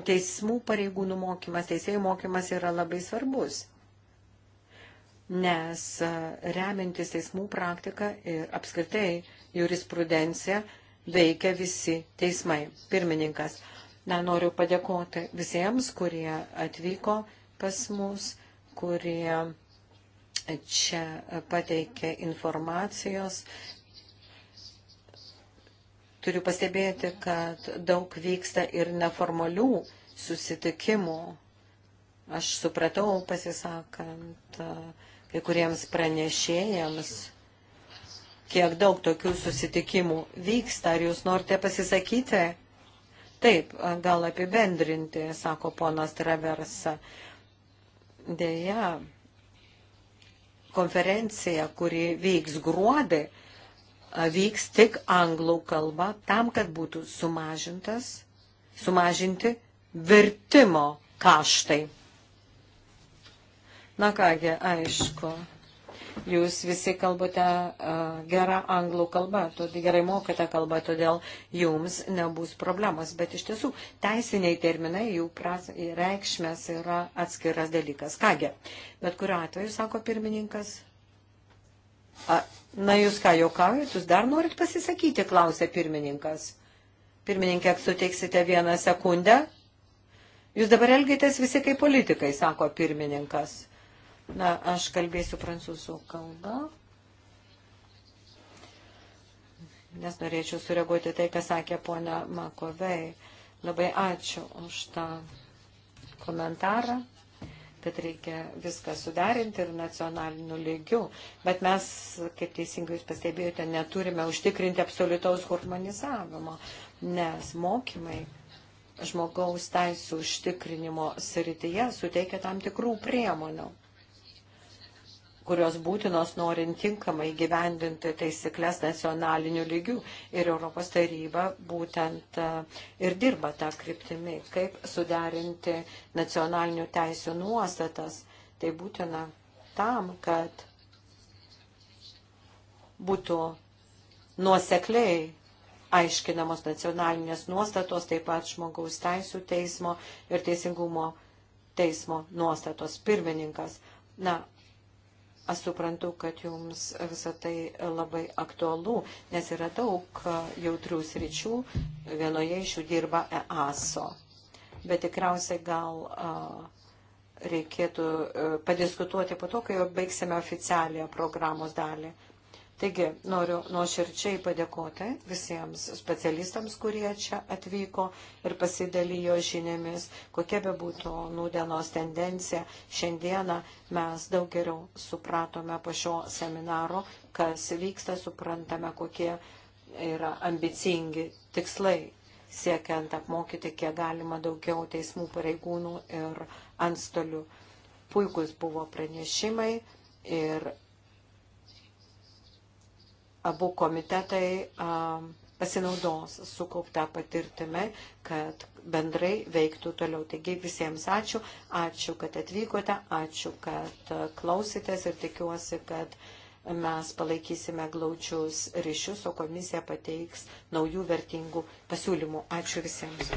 teismų pareigūnų mokymas, teisėjų mokymas yra labai svarbus, nes remintis teismų praktika ir apskritai jurisprudencija veikia visi teismai. Pirmininkas, na, noriu padėkoti visiems, kurie atvyko pas mus, kurie čia pateikė informacijos. Turiu pastebėti, kad daug vyksta ir neformalių susitikimų. Aš supratau, pasisakant kai kuriems pranešėjams, kiek daug tokių susitikimų vyksta. Ar jūs norite pasisakyti? Taip, gal apibendrinti, sako ponas Traversa. Deja, konferencija, kuri vyks gruodį, vyks tik anglų kalba tam, kad būtų sumažintas, sumažinti vertimo kaštai. Na kągi, aišku. Jūs visi kalbate gerą anglų kalbą, todėl gerai mokate kalbą, todėl jums nebus problemos. Bet iš tiesų, teisiniai terminai, jų pras, reikšmės yra atskiras dalykas. Kągi, bet kuriuo atveju, sako pirmininkas. A, na, jūs ką, jokaujat, jūs dar norit pasisakyti, klausė pirmininkas. Pirmininkė, suteiksite vieną sekundę. Jūs dabar elgitės visi kaip politikai, sako pirmininkas. Na, aš kalbėsiu prancūzų kalbą, nes norėčiau sureaguoti tai, ką sakė ponia Makovei. Labai ačiū už tą komentarą bet reikia viską suderinti ir nacionaliniu lygiu. Bet mes, kaip teisingai jūs pastebėjote, neturime užtikrinti absoliutaus harmonizavimo, nes mokymai žmogaus teisų užtikrinimo srityje suteikia tam tikrų priemonių kurios būtinos norint tinkamai gyvendinti taisyklės nacionaliniu lygiu. Ir Europos taryba būtent e, ir dirba tą kryptimį, kaip suderinti nacionalinių teisių nuostatas. Tai būtina tam, kad būtų nuosekliai aiškinamos nacionalinės nuostatos, taip pat žmogaus teisų teismo ir teisingumo teismo nuostatos pirmininkas. Na, Aš suprantu, kad jums visą tai labai aktualu, nes yra daug jautrių sričių, vienoje iš jų dirba EASO. Bet tikriausiai gal reikėtų padiskutuoti po to, kai jau baigsime oficialią programos dalį. Taigi noriu nuoširčiai padėkoti visiems specialistams, kurie čia atvyko ir pasidalijo žiniomis, kokia be būtų nūdienos tendencija. Šiandieną mes daug geriau supratome po šio seminaro, kas vyksta, suprantame, kokie yra ambicingi tikslai siekiant apmokyti kiek galima daugiau teismų pareigūnų ir anstolių. Puikus buvo pranešimai ir abu komitetai pasinaudos sukauptą patirtimą, kad bendrai veiktų toliau. Taigi visiems ačiū, ačiū, kad atvykote, ačiū, kad klausėtės ir tikiuosi, kad mes palaikysime glaučius ryšius, o komisija pateiks naujų vertingų pasiūlymų. Ačiū visiems.